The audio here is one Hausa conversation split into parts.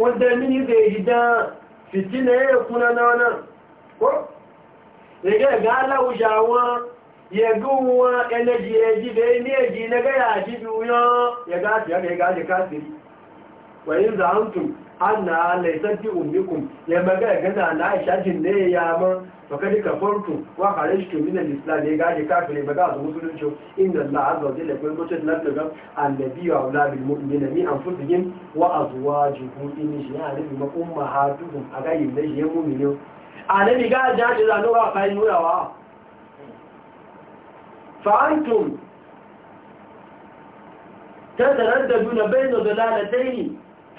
wadda mini zai yi da fitina ya kuna na wana ko daga gala wujawa ya gunwa energy energy da ya energy na gaya ji biyu anna laysat bi ummikum ya maga gaza na aisha jin ne ya ma ka kafartu wa kharajtu min al-islam ya gaje kafire ba ga su musulunci inda Allah azza wa jalla kun mutunta na daga annabi wa aula bil mu'minina mi anfusihim wa azwajuhum in shi ya nabi ma a aga yin da shi mu'mini annabi ga jaje da nura fa nurawa fa antum da bayna dalalatayn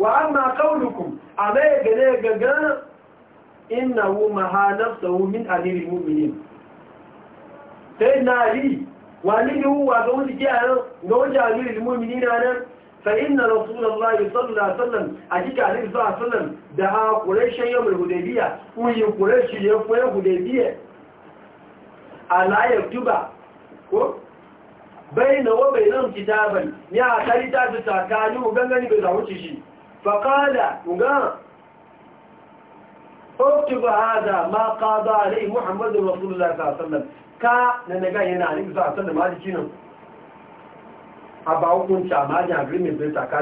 wa'amma kaunukun a zai gane gaga ina wu mahanarsa wu min aliri mummunin sai na yi wani wuwa ga wani kiyayen ga wani aliri mummunin ranar sai ina da su da zai tsallar tsallar a jika aliri su a tsallar da ha kure shi ya mai ya kuyi hudabiya a layar tuba bai na wabai nan kitaban ya kari ta fi tsakani ganganin bai zawuci shi faƙada ga ọkụ ba ha da ma ƙada alai muhammadu rasulullah ta ka na naga yana alai za a sallam a jiki nan a ba hukunci a majin agrimin brita ka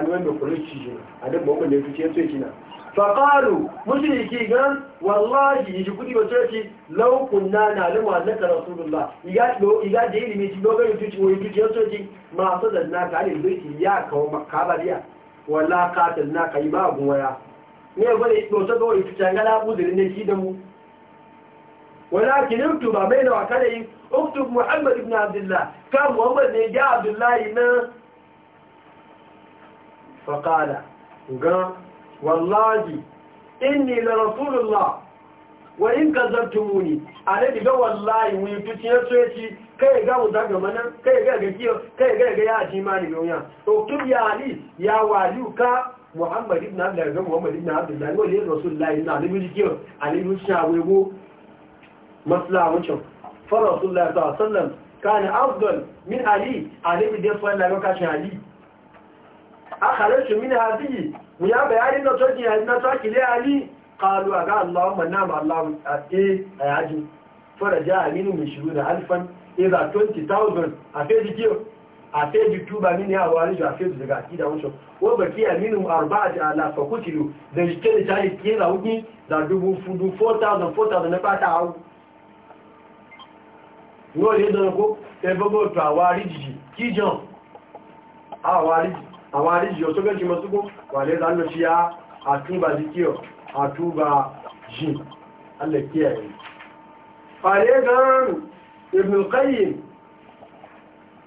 shi shi a duk da ya fi ce shi na faƙaru mushiriki gan wallahi yi shi kudi ba coci laukun na na limu a naka rasulullah yi ga da ilimin shi dogon yi tuci masu zanna ka ne zai ya kawo kabariya wala katil na kai ba goya ne ولكن اكتب بين وكلي اكتب محمد بن عبد الله كم هو نجا عبد الله ما فقال والله إني لرسول الله wa in kazzabtumuni alai ga wallahi mun tuci ya soye ci kai ga mu daga mana kai ga ga kiyo kai ga ga ya ji ma ni gonya to kib ya ali ya waluka muhammad ibn abdullah muhammad ibn abdullah wa li rasulullahi na ni bi kiyo ali mun shawe go masla wancan fa rasulullahi sallallahu alaihi wasallam kana afdal min ali ali bi da falla ga kashin ali akharaju min hadihi mu ya bayanin na toji na takile ali qalu aga allahumma na'am allah a eh ayaji faraja aminu min shuruna alfan idha 20000 a feji kiyo a feji tuba mini a wari a feji daga akida wucin wa baki aminu arba'ati ala fa kutilu da jike da tayi kira hudu da dubu fudu 4000 4000 na fata hawo no le don ko e bobo to awari jiji kijon awari awari a a tuba ji Allah kiyaye fare gan ibn al-qayyim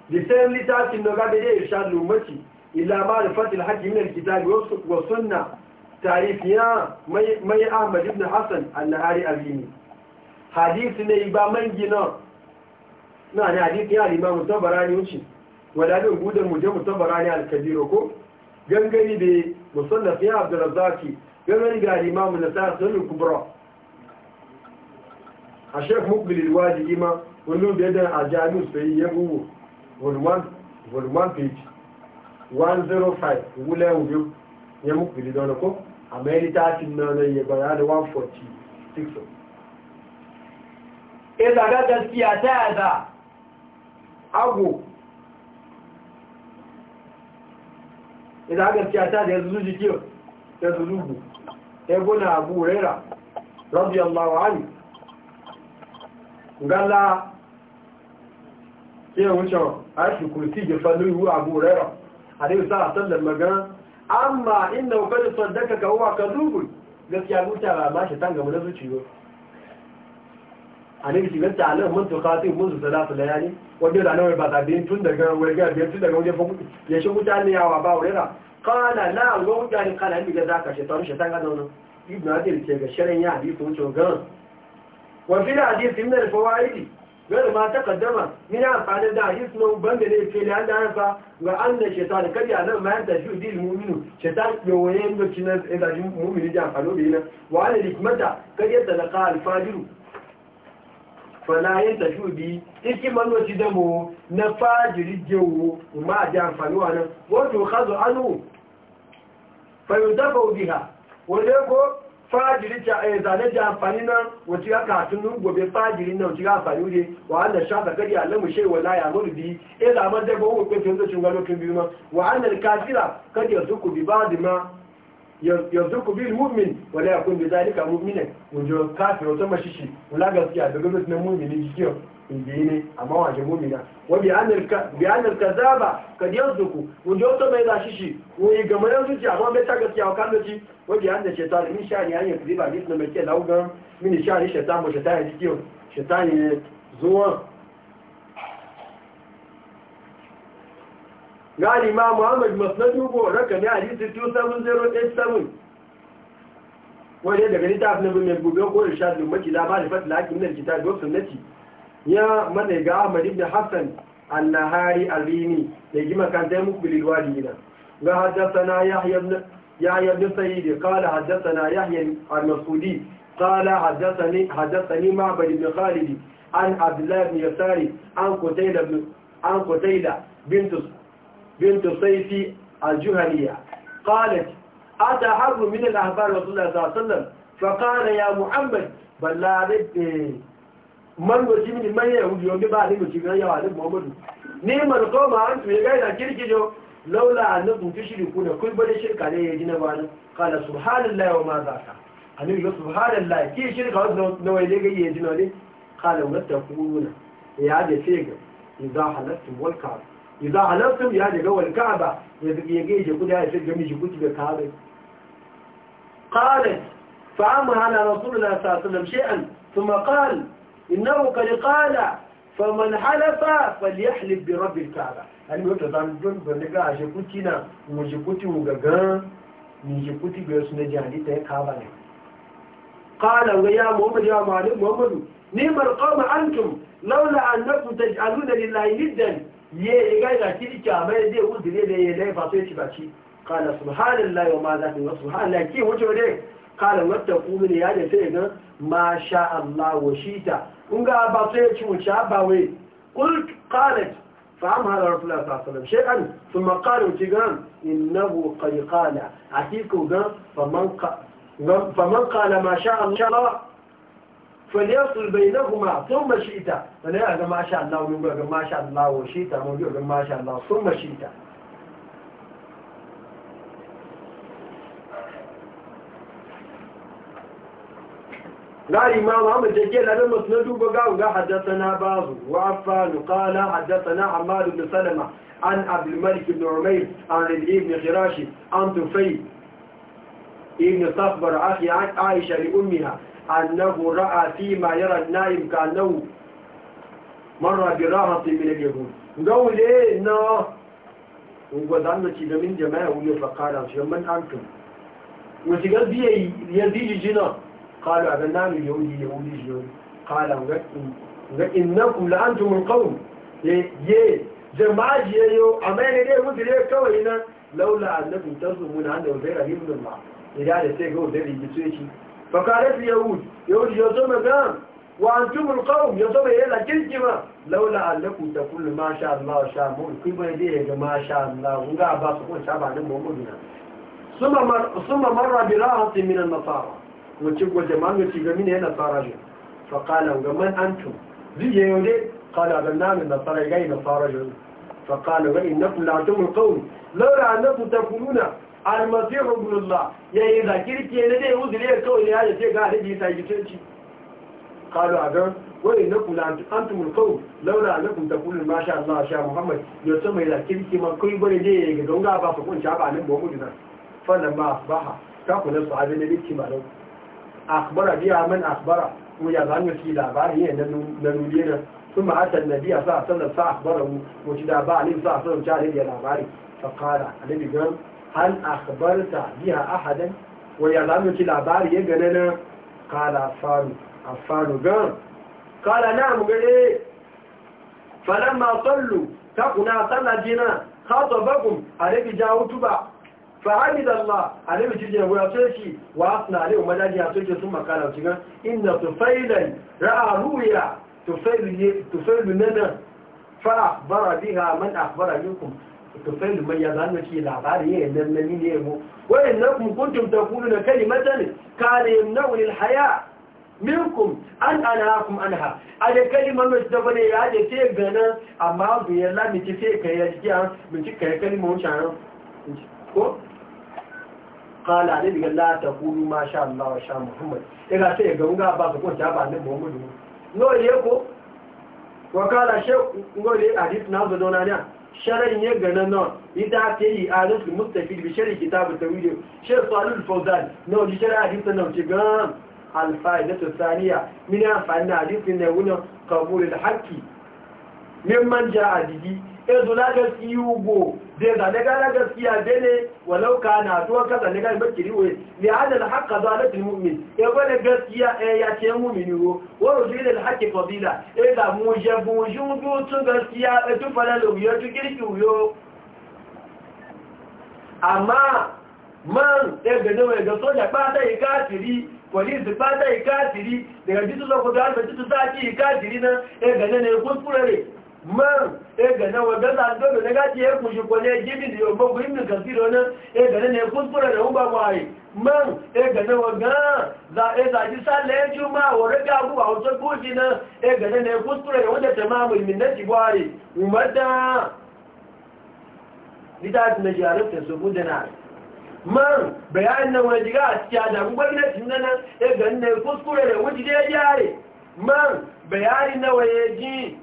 da sayan littafin da gada ya isha lumaci ila ma da fatil haƙi minar kitabi wa sunna tarifiya mai ahmad ibn hassan al-nahari azimi hadisi ne ba man gina na ne hadisi ya rima mutabara ne wuce wadadin gudun muje mutabara ne al-kabiro ko gangani da musallafi abdulrazaki كمان قال الإمام النساء سنة الكبرى الشيخ مقبل الواجب إما ونلوم بيدنا الجاموس في يبو volume 1 page 105 wúlẹ̀ òbí yẹ mقبل ìdánà kó àmẹ́ríkà ti nànà ìyẹ̀gbàrá ní 146 إذا قدت في أساسا أبو إذا قدت في أساسا يزوجي كيو يزوجي ebuna abu rera radiyallahu anhu gala iya wucin ashi kursi ya falo ihu abu rera a dai sa sallar magana amma inda kwari ka uwa ka zubu gaskiya mutara ba shi tanga na zuciyo a ne shi mun to khati mun su salatu wajen da ba ta tun daga wajen ga tun daga wajen ya shi mutane yawa ba rera kana na lon gani kana ni ga zaka shi tawon shaitan ganin nan ibn adil ce ga shirin ya hadisi wucin gan wa fil hadis min al fawaid gar ma taqaddama min amfani da hadis nan banda ne ce da Allah fa ga anna shaitan kadi anan ma yanta shi dil mu'minu shaitan yoyen da cinan da jin mu'mini da amfani da yana wa fayuntafa biha waje ko fajiri ta eh zane da amfani nan wace ya katun nun gobe fajiri nan wace ya amfani ne wa annan shafa kadi alamu shay wala ya mur bi eh da man da bawo ko tun da cin galo kin biyu ma wa annal kafira kadi yazuku bi ba'd ma yazuku bil mu'min wala yakun bi zalika mu'mina wajen kafir wata mashishi wala gaskiya daga mutum mu'mini jikiyo ne amma wajen mumina wa bi anil kazaba kad yanzuku mun da wato mai zashi shi wani yi gama zuci amma bai ta gaskiya wa kan zuci wa bi anil shaitan min shani an yakzi ba bisna mai ke laugan min shani shaitan ba shaitan ya jikiyo shaitan ya zuwa gani ma muhammad masnadu ko rakami hadisi 27087 wani daga ni ta littafin bin mai gobe ko irshad bin makila ba da fatila hakimin kitab da sunnati يا من جاء مريم حسن النهاري الريني ما كان دمك بالوالدين وحدثنا يحيى بن يحيى بن سعيد قال حدثنا يحيى المسعودي قال حدثني حدثني مع بن خالد عن عبد الله بن يسار عن قتيلة عن قتيلة بنت بنت سيفي الجهنية قالت أتى حبل من الأحبار رسول الله صلى الله عليه وسلم فقال يا محمد بل لا man goji mini man ya hudu yomi ba ni goji gan yawa duk muhammadu ni man koma an tuye gaida kirkijo laula annakum tushriku na kul bada shirka ne yaji na bani qala subhanallahi wa ma zaka ani yo subhanallahi ki shirka wasu na waye ga yaji na ne qala wattaquna ya da ce ga idza halattum wal ka'ba idza halattum ya da wal ka'ba ya ga yaji ku da ya shirka miji ku da ka'ba قالت فعمها على رسول الله صلى الله عليه وسلم شيئا ثم قال إنه قد قال فمن حلف فليحلف برب الكعبة هل يوتا زاندون بنغا أجيكوتي نا مجيكوتي وغغان مجيكوتي بيوسنا جاني تاي كعبة قال ويا محمد يا معلم محمد نعم القوم أنتم لولا أنكم تجعلون لله ندا ye ga ga kiri kyama ya zai uzure da ya laifa sai ci baki kala subhanallahi wa ma za ki wa subhanallahi ki wuce ne kala wata kuma ne ya kunga ba sai ya ci قلت قالت فعمها لرسول الله صلى الله عليه وسلم شيئا ثم قال وتقام إنه قد قال عتيك وقام فمن, فمن قال ما شاء الله فليصل بينهما ثم شئت فلا ما شاء الله ونقول ما شاء الله وشئت ونقول ما شاء الله ثم شئت قال إمام عمد جيل أنا مسند وقال حدثنا بعض وعفان قال حدثنا عمار بن سلمة عن عبد الملك بن عمير عن ربعي بن خراشي عن طفيل ابن صخبر أخي عن عائشة لأمها أنه رأى فيما يرى النائم كأنه مر براحة من اليهود قول إيه إنه وقدامنا كذا من جماعة وليه فقال من أنتم وتقال بيه يزيج جنا قالوا من اليهودي يهودي جيون قال وإنكم لأنتم القوم يي إيه، إيه، جماعة يو أمين إليه وزي ليه كوينا لولا أنكم تظلمون عنه وزير أهيب من الله إذا لسيك هو زير يجسويشي فقالت اليهود يهود يزوم قام وأنتم القوم يزوم إلى كلكما لولا أنكم تقول ما شاء الله شاء مول كيف يديه ما شاء الله ونقع باصقون شعب عن محمدنا ثم مر, ثم مر براهة من النصارى wace waje manga ci gami ne yana tsara shi fa qala ga man antum ziye yode qala ga nan na tsara ga yana tsara shi fa qala wa innakum la tumul qawm laura annakum takununa almasih ibn allah yayi zakir ke ne dai uzuri kawai ya ce ga hadisi sai gitanci قالوا عذاب وإنكم أنتم القوم لولا أنكم تقولون ما شاء الله شاء محمد يسمى إلى كلمة ما كل بني جيه يقولون لا بأس كون شعب عن الموجودة فلما أصبح كاكو نفس عذاب الاتماع akbara biya man akbara mu ya za mu ci labari ne na nuriye na sun ma hasan na biya sa sallar sa akbara mu mu ci da ba alim sa sallar ci alaiya labari fakara alaiya gan hal akbarta biya ahadan wa ya za mu ci labari ya gane na kala faru a faru gan kala na mu gane falamma sallu ta kuna sallar jina khatabagum alaiya jawo tuba fahimdalla alimin cikin abu ya ce shi wa na alimin madadi a cikin sun makana cikin inda tufailai ra'aruya tufailu nanan fa'abara biya man akbara yankun tufailu mai ya zama ce labari ya yi nannani ne yabo wani nan kuntum ta kudu na kai matan kare nau'in haya minkum an ana hakun an ha a da kalimar mai da bane ya da ce ganin amma bayan lamici sai ka yi a jikin mai cika ya kalimar wuce ko kala ne daga la ta kulu ma sha Allah wa sha Muhammad daga sai ga unga ba su ko ta ba ne Muhammadu no ye ko wa kala she ngo ne hadith na zo dona ne sharan ye ga nan non ida ke yi su mustafi bi shari kitab tawhid she salul fawzan no ji shara hadith nan ce ga al fa'idatu thaniya min afan hadith ne wuna qabul al haqqi mimman ja'a bihi e zula gaski yugo da zalaga na gaskiya bene walau ka na tuwa ka zalaga ba kiriwe li hada al haqqa zalat al mu'min e wala gaskiya e ya ce mu'mini wo wa rujul al haqqi fadila e da mu je bu jungu tu gaskiya e tu fala lo yo e tu kirki yo amma man e ga nawa ga soja ba ta yi kafiri polisi ba ta yi kafiri daga bitu lokacin da ta ci kafiri na e ga ne ne kuskure man ega eh, na waga za dole na gaji ya kushi ko ne jimi na ne kuskure da uba mai man ega eh, na waga za e za ji sale juma wa raga abu a na ne kuskure da wanda tamamu na jibari umarda na jarabta su gudana man bayanin nan wani jiga a cikin da gwamnatin nan na kuskure da wuce da ya jare man bayanin na waye ji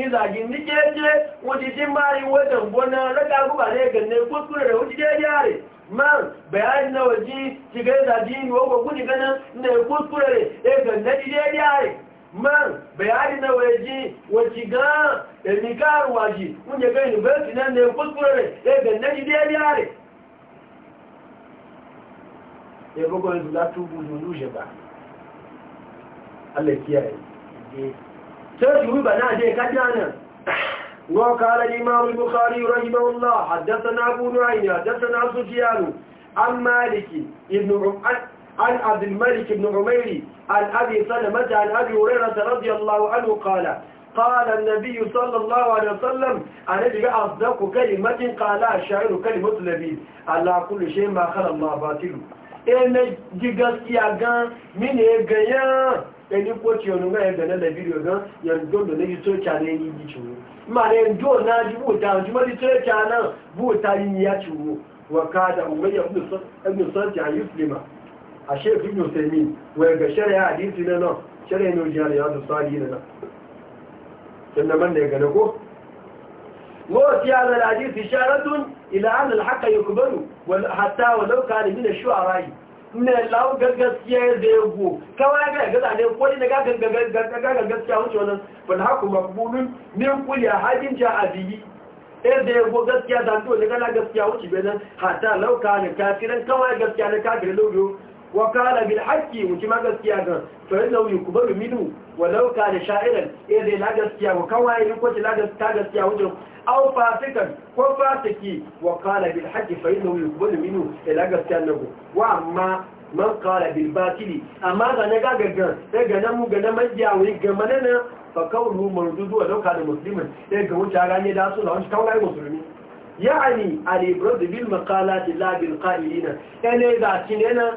ìzàjì ní jẹ́jẹ́ wọ́n ti ti máa rí wẹ́tẹ̀ gbọ́nà lẹ́gbàgbà lẹ́gẹ̀ ní kúrò rẹ̀ ó ti jẹ́jẹ́ rẹ̀ máa bẹ̀yàjì náà jí ti gẹ́ ìzàjì ní ó gbogbo nìkan ní kúrò rẹ̀ ẹgbẹ̀ ní ti jẹ́jẹ́ rẹ̀ máa bẹ̀yàjì náà jí wọ́n ti gan èmi káàrùwàjì wọ́n jẹ́ gẹ́ yunifásitì náà ní kúrò rẹ̀ ẹgbẹ̀ ní ti jẹ́jẹ́ rẹ̀ ya bugu yanzu latubu zulu shi ba Allah kiyaye sai ruba na je ka jana وقال الإمام البخاري رحمه الله حدثنا أبو نعيم حدثنا سفيان عن مالك ابن عن عبد الملك بن عمير عن أبي سلمة عن أبي هريرة رضي الله عنه قال قال النبي صلى الله عليه وسلم أنا جاء أصدق كلمة قالها الشاعر كلمة لبيب على كل شيء ما خلى الله باطل إن جيغس يا من يغيان ẹni kó tí ọdún mẹ́rin bẹ̀rẹ̀ lẹ́bírí ọ̀gán yẹ̀ndó lò ní tó ẹ̀kà ní ẹni yìí ṣòro máa ní ẹ̀ndó náà ju bóòtà ọjọ́ ní tó ẹ̀kà náà bóòtà yìí yá ti wò wọ̀kadà òmẹ́yẹ ẹgbẹ̀ sọ́ọ̀tì àyífìlìmà àṣẹ ìfìgbò tẹ̀mí wẹ̀gẹ̀ ṣẹ́rẹ̀ àdínsì náà ṣẹ́rẹ̀ ní ojú àlẹ́ yàtọ̀ sọ́ọ̀lì náà sannan da ya gane ko mawar ya zara hadisi sharatun ila an alhaka ya kubaru hatta wa lauka da gina shu'a rayu ne lawon gaggasiya da ya go kawai ga gaza ne ko ne ga gaggasiya wuce wannan ban haku makbulun min kuli a hajin ja a biyi ɗaya da go gaskiya zanto ne gana gaskiya wuce bai hata lauka ne kafiran kawai gaskiya ne kafirin lauyo وقال بالحق وكما ko فإنه يكبر منه ولو كان شاعرا إذا لا غسيا وكواي لكوت لا غسيا وجه أو فاسقا وفاسقي وقال بالحق فإنه يكبر gaskiya لا غسيا eh wa amma man kala bil batili amma ga na ga nan eh mu ga nan majiyawi ga manana fa kaulu mardudu wa dauka da muslimin sai eh ga wuce gane da su da wani kawai musulmi ya'ani al-ibrad bil maqalat la bil qa'ilina yana da cinena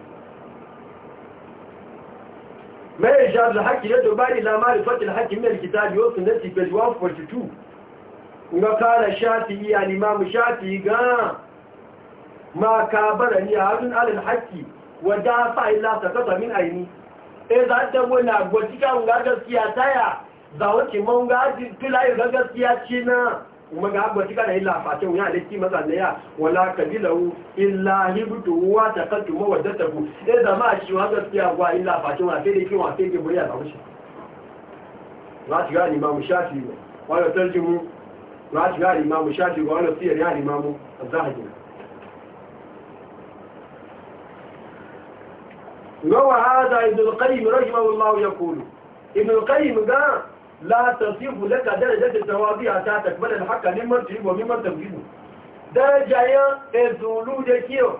ما يجاب الحكي يدعو إلى معرفة الحق من الكتاب نسي في 142 وقال يا الإمام الشافعي قال ما كابرني هارون على الحكي ودافع الله سقط من عيني إذا أنت ولا قلتك أنك سياسية ذا وكما أنك تلاقي غير سياسينا kuma ga abuwa shi kana yi lafashe wuya da kima zanaya wala kabilahu illa hibtu wa taqattu mawaddatahu eh da ma shi wa gaskiya gwa illa fashe wa sai da kima sai da buriya da wuce na shiga imamu shafi ne wala tarjumu na shiga imamu shafi ga wala siyar ya imamu az-zahabi wa hada ibn al-qayyim rahimahullah yaqulu ibn al-qayyim ga la tasifu laka darajatu tawabi'a ta takbala al-haqqa mimman tuhibbu wa mimman tabghidu daraja ya ezulu de kiyo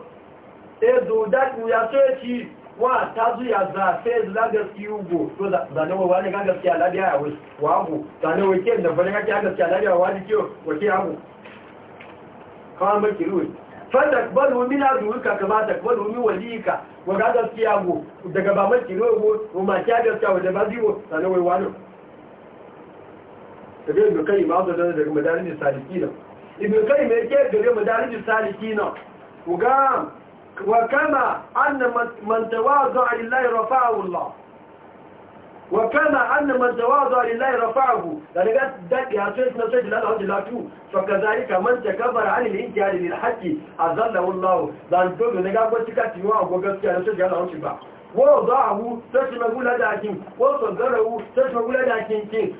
ezu da ku ya tsoci wa ta zu ya za sai la gaski ugo to da da nawa wani ga gaskiya labiya ya wai wa ku da nawa ke da bane ga gaskiya labiya wa di kiyo wa ke abu kawai mai kiruwa fatakbalu min aduka kama takbalu min walika wa ga gaskiya go daga ba mai kiruwa go ma ta gaskiya wa da ba ziwo sanan wai wani daga ibn kai ma da daga madarijin salikina ibn kai mai ke daga madarijin salikina kuga wa kama anna man tawadha lillahi rafa'ahu Allah wa kama anna man tawadha lillahi rafa'ahu daga dadi hasu na sai da Allah da tu fa kazalika man takabbara an al-intihari lil haqqi azallahu Allah dan to daga gwacika tiwa go gaskiya sai da Allah ba ووضعه تشمل لدعك وصدره تشمل لدعك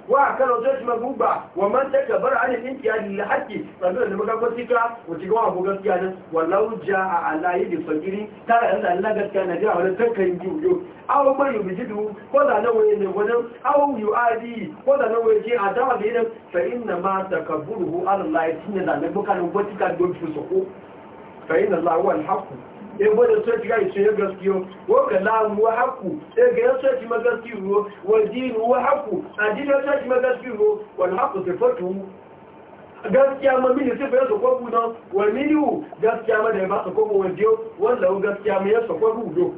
وعكره تشمل بوبع ومن تكبر عن الانتياد للحق فقال لما كان قد سكرة وتقوى فوق السيادة ولو جاء على يد الفجرين ترى أن اللقات كان جاء ولا تكا يجوه أو ما يبجده ولا نوى ينفذه أو يؤدي ولا نوى يجي عدوى بينه فإنما تكبره على الله يتنى لأنه كان قد سكرة فإن الله هو الحق ebo da soci ga ishe ya gaskiyo wa kalamu wa haku sai ga ya soci ma gaskiyo wa dinu wa haku addini ya soci ma gaskiyo wal haku sifatu gaskiya ma mini sifa ya sokwa gudan wa miniu gaskiya ma da ya ba sokwa gudan wanda gaskiya ma ya sokwa gudan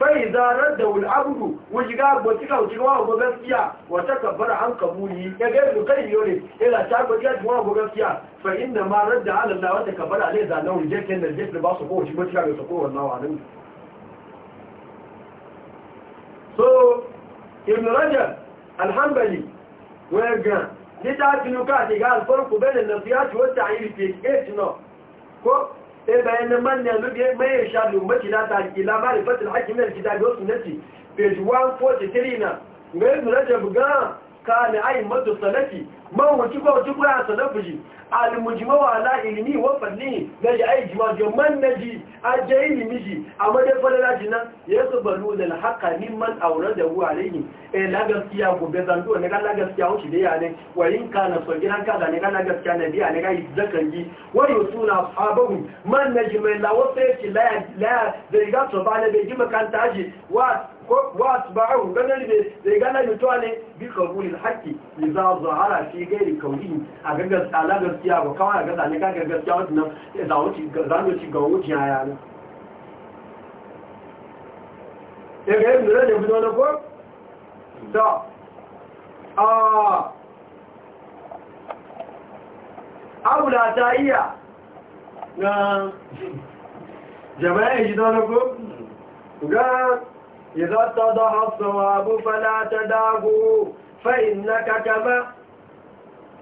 فإذا رده العبد وجيغا بوتيكا وجيغا وغسكيا وتكبر عن قبوله يغير لكي يولي إلا شاك وجيغا جوا وغسكيا فإنما رد على الله وتكبر عليه ذا لو رجيك إن الجيك لباسه قوه جيبوتيكا يسقوه الله عليه so ibn rajab alhambali wega ni ta tinuka ti ga alfarku bene nasiyati man manyan lubiya mai ya sha lumbaci na tariki labarin fatil hakimin kitabi wasu nace page 143 na ga yanzu na jabuga kana ayi madu salafi man wuci ko wuci kura salafi ji almujma wa ala ilmi wa fadli ga ji ayi jiwa jo man naji aje ilmi ji amma da falala ji nan yasu balu da alhaqa mimman awrada hu alayhi eh la gaskiya gobe zan do ne ga la gaskiya wuci da ya ne wa in kana so gidan ka da ne ga gaskiya ne biya ne ga zakan ji wa yusuna ashabahu man naji mai lawa sai ci la la da ga to ba ne bai ji makanta ji wa wa asba'u ganar be zai gana mutuwa ne bi qabulil haqqi li zahara fi gairi a gaggar tsala gaskiya ba kawai a gaza ne ka gaskiya wannan za wuce za ga wuce ya ne eh, ya ga yin da ne ko da a ta iya na jama'a ya ji na ko ga إذا اتضح الصواب فلا تداه فإنك كما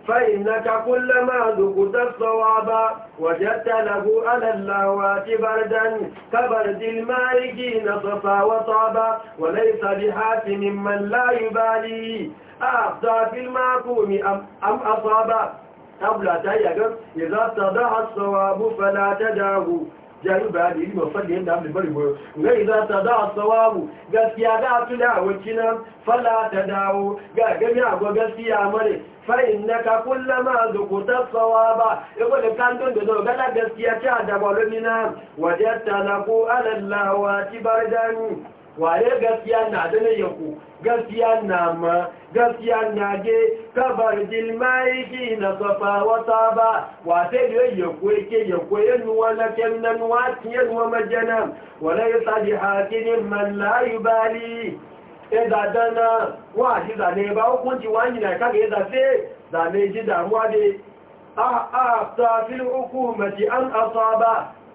فإنك كلما ذقت الصواب وجدت له على اللاوات بردا كبرد المالكين صفا وصابا وليس بحاتم من لا يبالي أعطى في المعقوم أم, أم أصابا قبل تيقظ إذا اتضح الصواب فلا تداه jaru bayani ilmi wasan da yadda amin bari goyo ga idan ta da sawabu gaskiya ga tuna a wakinan fala ta dawo ga gami agwa gaskiya mare fa'in na ka kullama zukuta sawaba ibo da kantun da zo gala gaskiya ta da balonina wajen talako alallawa ci bardani waye gaskiya na da ne yanku gaskiya na ma gaskiya na ge kabar jilmaiki na safa wata ba wata da yanku yake yanku ya nuwa na kyan na nuwa tiye nuwa majana wala ya sadi hakinin man la yubali e da dana wa ji da ne ba hukunci wani na kaga ya zafe da ne ji damuwa de a a tafil hukumati an asaba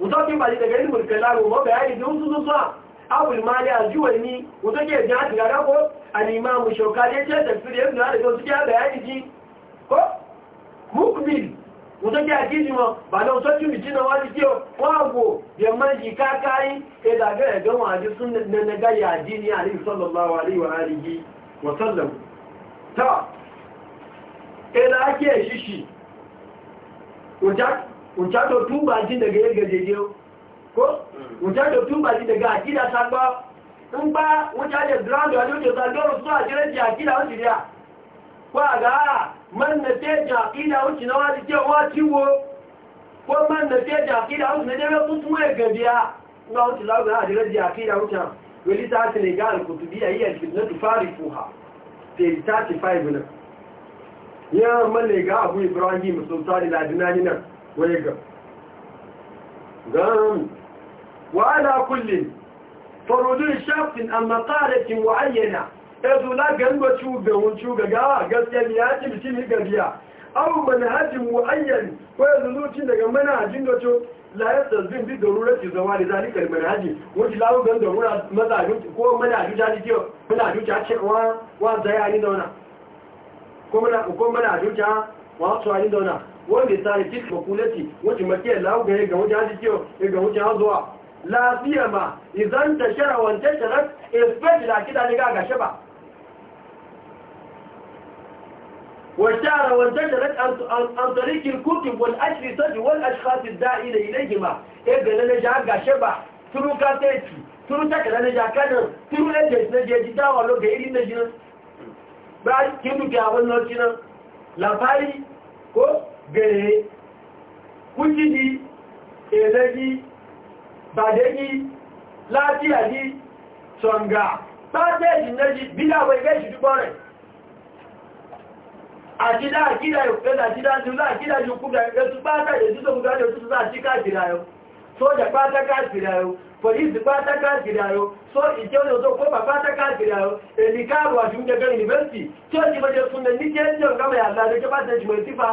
mutokin ba daga ilmul kalamu ba bayani da wasu zuwa abul mali aljuwani mutokin ya ji daga ko al-imam shawkani ya ce tafsir ibn hada da suke bayani ji ko mukbil mutokin ya ji mu ba da wasu tumi jina wani ke kwago da manji kakai e da ga ya gama wani sunna na ga ya dini ali sallallahu alaihi wa alihi wa sallam ta e da ake shishi wajen wucato tubaji daga yadda jeje ko wucato mm. tubaji daga akida sangba ń bá wucaje drando alójòta lóòrùn tó àjẹ́rẹ́jì akida ó ti rí à kó àgá mẹ́nẹ̀tẹ́jà akida ó ti náwá ti jẹ́ wọ́n tí wo kó akida ó ti nẹ́jẹ́ tuntun ẹ̀gẹ̀dì à ńgbà ó ti lágbẹ̀rẹ́ àjẹ́rẹ́jì akida ó ti hàn wẹ́lí sáà ti lè gá àlùkùtù bí ayé ẹ̀sìn 35 náà yẹ́ mẹ́lẹ̀ gá ibrahim sultani ladinani nan? wai ga gan farudun shafin amma qalatin wa ezu la gando chuga ya ci gabiya ko daga manhajin da to la bi gan mazajin ko ta ce wa wa wanda ta yi kitaba kulati wacce makiya lauga ya ga wajen hajjiyo ya ga wajen hazuwa lafiya ma izan ta shara wancan shara espeji na kita ne ga gashe ba wa shara wancan shara an tsari kirkukin wal ashiri sarki wal ashirati da'i da ile gima ga na ja gashe ba turu ka teki turu ta kada na ja kanin turu na jeji na jeji dawa lo ga iri na jinan ba kinu ga wannan jinan lafari ko gẹ̀rẹ̀ wújídí ẹ̀lẹ́gí bàdẹ́gí látíàgí ṣọ̀ǹgà pàtẹ́ẹ̀dì méjì bíláwẹ̀ gẹ́ẹ̀ṣì dúpọ̀ rẹ̀ àjídá àkídà ìpẹ́lẹ̀ àjídá jùlọ àkídà jù kúgbà ẹ̀tù pàtàkì títò gbogbo àjò títò àti káàkiri ayọ́ sójà pátákàkiri ayọ́ pọ̀lísì pátákàkiri ayọ́ só ìjẹ́ olóòtó kópa pátákàkiri ayọ́ èdè káàrù àti oúnjẹ gẹ́rẹ̀ yunifásitì tí ó ti mọ́jẹ fún mi ní kí ẹ́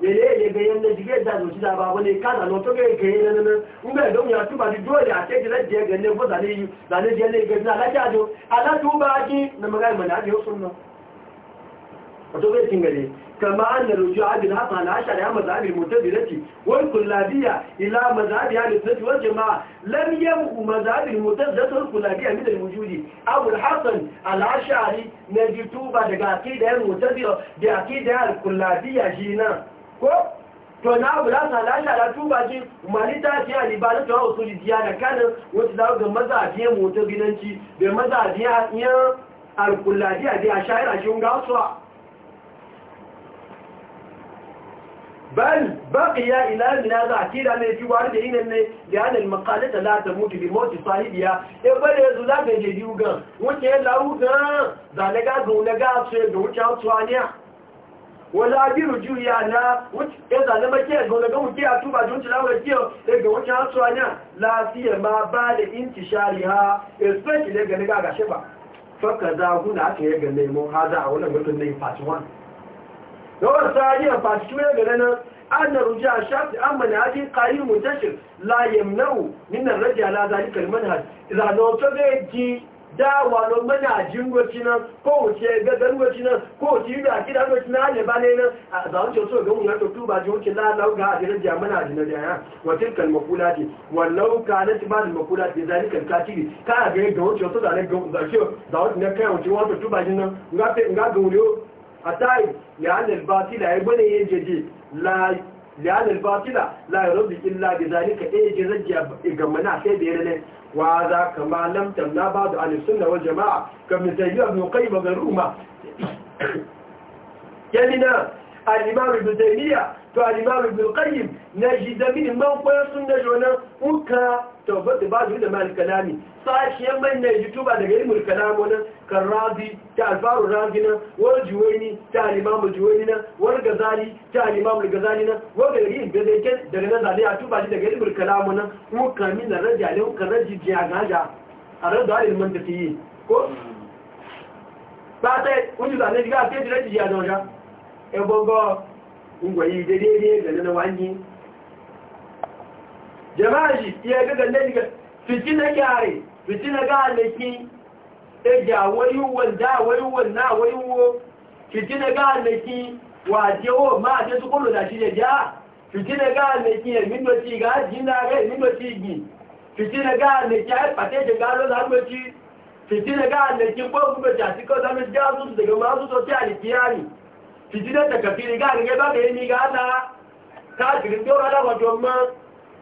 yele yege yanda jige da zo shi da ba bane ka da loto ge ge ne ne un be don ya tuba di dole a ke jira je ge ne ko da ne da ne je ne ge na la ja jo ala tuba ki na magai mana ji sunna wato ge tingale kama anna rujua bil hasan ashar ya mazhab al mutazilati wal kullabiyya ila mazhab al sunnah wal jamaa lam yamu mazhab al mutazilati wal kullabiyya min al wujudi abu al hasan al ashari ne ji tuba daga aqida al mutazila da aqida al kullabiyya jina ko to na abu da sa lashe da tuba ji malita ali ba da tawo su jijiya da kana wato da ga mazaje motar gidanci da mazaje a iya alkullaji a biya shayar a shi gasuwa bal baqiya ila mina za ki da mai war da inen ne da yanar makalata la ta mutu bi moti sahibiya e bare yanzu za ga je biyu gan wuce lawu gan da na ga zo na ga su da wuce aniya wala biru juya na wuce ya zane maki gona ga muke a tuba don ci lawar kiyo daga wuce hasu anya lafiya ma ba da inci shari ha especially daga ni gaga shi ba faka za guna aka yi ga nemo ha za a wannan mutum na yi faci wani yawon sariyar faci tuya ga nan an na rujiya shafi an mana haji kayi mutashir la yamnau minan rajiya la zalikar manhaj izanauta zai ji dawa don mana jingoci nan ko wuce gagan goci nan ko wuce yi da kida goci na ne ba ne nan a zaun ce so ga mun tuba ji wuce la lau a ajira ji mana da ya wa tilkal makulati wallau kanat ba al makulati zalika katiri ka ga ga wuce wasu da ne ga da shi da wuce ne kai wuce wato tuba nan ga te ga ga ya ya bane la ya la illa bi zalika e ga mana sai da ne وهذا كما لم تمنع بعض عن السنة والجماعة كما تيمية ابن قيم وغيرهما يمنا الإمام ابن تيمية فالإمام ابن القيم نجد من موقع السنة جونا وكا tabbata ba su da mal kalami sashiyan man ne yutuba daga ilmul kalam wannan kan rabi ta alfaru rabi na wal juwaini ta al-imam juwaini na wal gazali ta al-imam al-gazali na wa da yin gazaiken daga nan zali a tuba daga ilmul kalam wannan mu kamin rajalin kan rajiji ya gaja a radu al-mantiqi ko pàtẹ́ oúnjẹ́ ìgbà tí ó ti rẹ̀ ti jẹ́ àjọ́ ọjá ẹgbọ́gbọ́ ń gbọ̀ yìí dédé ní ẹgbẹ̀lẹ́nà wá ń yìí jama'a shi iya ga galle diga fiti e na gyare fiti na galaki e ja wayu wanda wayu wanda wayu fiti na wa je ma je su da shi ne ja fiti na galaki e min ci ga jina ga min do ci gi fiti na galaki ai pate je galo da ko ci fiti na galaki ko ku ga ti ko da mi ja su daga ma su to ti ali kiyani fiti na ta kafiri ga ga ba ni ga na ta girin dora da wajen ma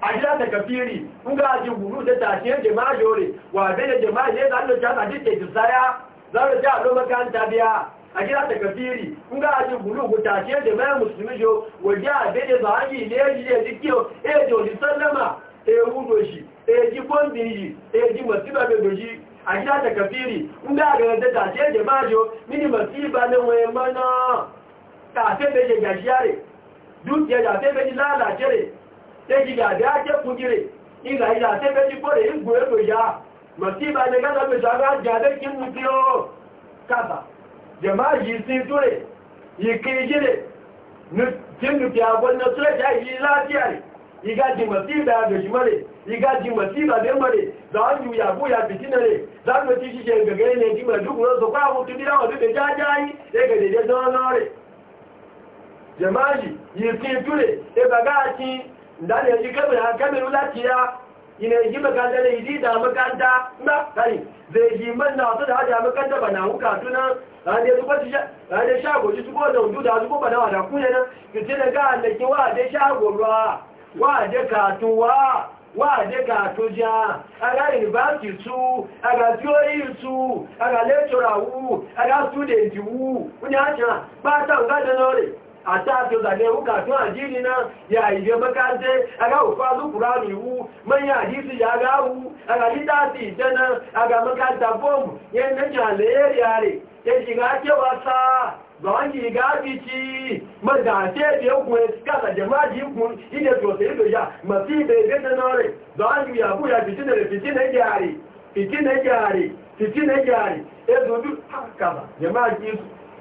a kàfíìrì ta kafiri àti gbùrú tẹta àti ẹjẹ máa yóò rẹ̀ wa bẹ́ẹ̀ jẹ máa yẹ́ lálọ́já àti tẹ̀jù sáyá lálọ́já lọ́mọ́kántà bí a àṣíláta kàfíìrì ne gá àti gbùrú tẹta àti ẹjẹ máa mùsùlùmí yóò wà jẹ́ àbẹ́jẹ bàájì ilé ẹjẹ ti kí o ẹjẹ òdìsánlẹ́mà ewu lòṣì èjì bọ́ǹdì yìí èjì mọ̀síbà bèbè yìí mini masiba ń waye àgbẹ̀rẹ̀ tẹta àti ẹjẹ máa yóò da ta lẹ́wọ̀n ẹmọ́ náà tẹ́jìdà àdé ajẹ́kùn jìrì ìgbà ìlà tẹ́fẹ́ tí kó rẹ̀ ń gbòrò ìyá mọ̀ sí ìbá ilẹ̀ gádà pèsè àwọn ajẹ́ adé kí mú tí ó kàbà jẹ̀má yìí sí túrẹ̀ yìí kí jìrì tí nù tí àbọ̀ ní ọtúrẹ̀já yìí láàáfíà rẹ̀ ìgá jìmọ̀ sí ìbá àgbèjìmọ̀ rẹ̀ ìgá jìmọ̀ sí ìbá bẹ́mọ̀ rẹ̀ láàájú yàgbó yàbìtínà rẹ̀ láàájú tí ṣíṣe gẹ̀gẹ́ ilẹ̀ ìdímọ̀ ìdúkùnrin sọ pé àwọn tó bí láwọn tó bẹ jájá yìí ẹgẹ̀dẹ̀dẹ̀ dán lọ́rẹ̀ jẹ̀máyì yìí sí ìtúrẹ̀ ẹgbàgá àti da ne ji kamar ha kamar latiya ina yi makanta da yi da makanta ba kai zai yi man na wasu da hada makanta ba na huka tuna rane su kwaci rane shago shi su ko da hundu da su ko ba na wada kuya nan ki tina ga annaki wa da shago ruwa wa da katuwa wa de ka to ja aga university tu àtàtò dàgbẹ̀ ẹwú kàtún àjírí náà yà ìjẹ́ mẹ́káṣẹ́ agáwòfáàzù kùránù ìwú mẹ́yìn àjíṣì yà agáwú agàlítàtì ìtẹ́nà agamẹ́káṣà fóòmù yẹn mẹ́jọ àlẹ́yẹ̀rẹ̀ rẹ̀ èjìgá kẹwàá sáà zangi gaji ci kasa jama'i ku ide to sai ya mafi be be da nore ya ku ya fitina da fitina jari fitina jari fitina jari e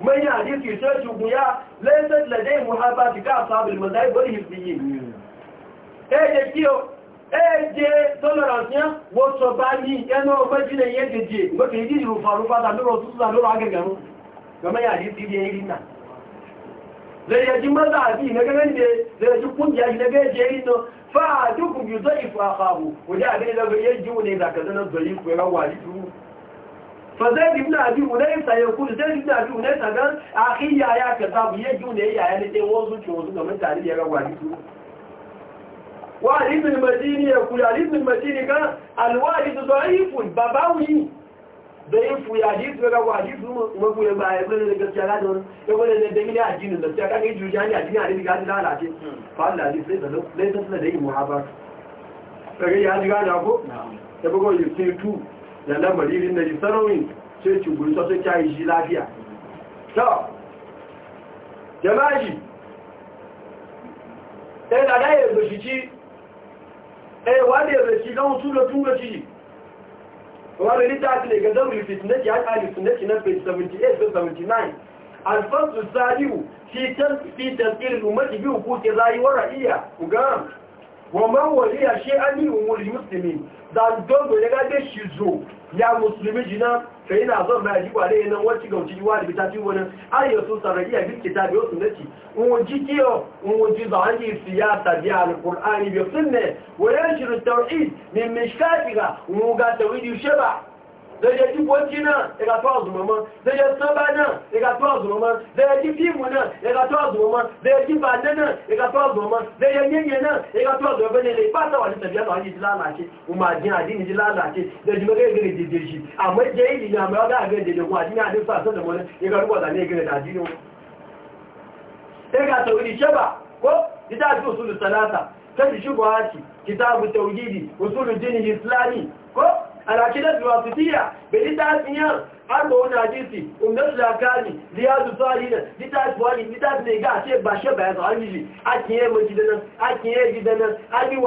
من يحديث يشاش وبياع ليست لديه محاباة كأصحاب المذاهب والهزبيين ايه كيو ẹ̀ẹ́jẹ́ tọ́lọ̀rọ̀síá wọ́n sọ bá ní ẹnà ọgbẹ́ jílẹ̀ yẹ́ jẹjẹ gbọ́kẹ̀ ìdí ìrù farúfádà lórọ̀ tútútà lórọ̀ agẹgẹrún gbọ́mẹ́yà rí sí ilé rí náà lẹ́yẹjú mọ́lá àti ìnagẹ́gẹ́ lẹ́yẹjú kúnjẹ́ ìnagẹ́gẹ́ rí náà fáà dúkù yóò tọ́ ìfọ̀ àkàwò kò ní àbẹ́ ìlọ́gbẹ̀ yẹ́ jíwò ní ìdàkẹ́ فزيد بن أبي أنيس يقول زيد بن أبي أنيس قال أخي يا يا كتاب يجون يا يعني تين وزن وزن من تعريف يا واحد وعلي بن المديني يقول علي بن المديني قال الوالد ضعيف باباوي ضعيف ويعجيز بقى وعجيز ومقول ما يقول لك الجلاد يقول لك دمين عجين بس كان يجي جاني عجين عليه قال لا لا قال لا ليس له ليس لديه محاباه فقال يا جاني ابو تبقى يصير تو lallan lamarin na ji sarawin sai ci guri sosai kyayi shi lafiya to jama'i ɗaya da ɗaya da shi ci ɗaya wanda ya zai shi don su da tun da shi wanda littafi ne ga zauri fitnaki a ƙari sunaki na page 78-79 alfasu sadiu fi tasirin umarci biyu kuke zai wa ra'iya ku gama wa man waliya shay'an umul muslimin dan dogo ya gade shi zo ya musulmi jina sai ina zo mai jiwa da yana wacce ga wuci wani bita ji wani ai yasu sarariya bi kitabi wasu nace un ji kiyo un ji da hanji siyasa bi alqur'ani bi sunne wa yanshur tawhid min mishkatiga un ga tawhid shaba zai ji kwanci nan ya gato a zumama zai yi saba nan ya gato a zumama zai ji fimu nan ya gato a zumama zai ji bada nan ya gato a zumama zai yi yanyi nan ya gato a zumama ne ne ba ta wani tafiya kawai ji lalace kuma jin adini ji lalace da ji magana gare jirgin shi amma jayi ji na mai wada a gare jirgin kuma adini adin sa da wani ya ga rubuta ne gare da adini wani ya ga tauri shaba ko ita ji usulu salata kan shi buhari kitabu tauhidi usulul dinin islami ko al'akidar duwasitiya bai littafiyan arba'un hadisi umar zakari ziyadu salina littafi wani littafi ne ga ce ba shi bayan tsawon jiji ake yi mai gidanan ake yi gidanan an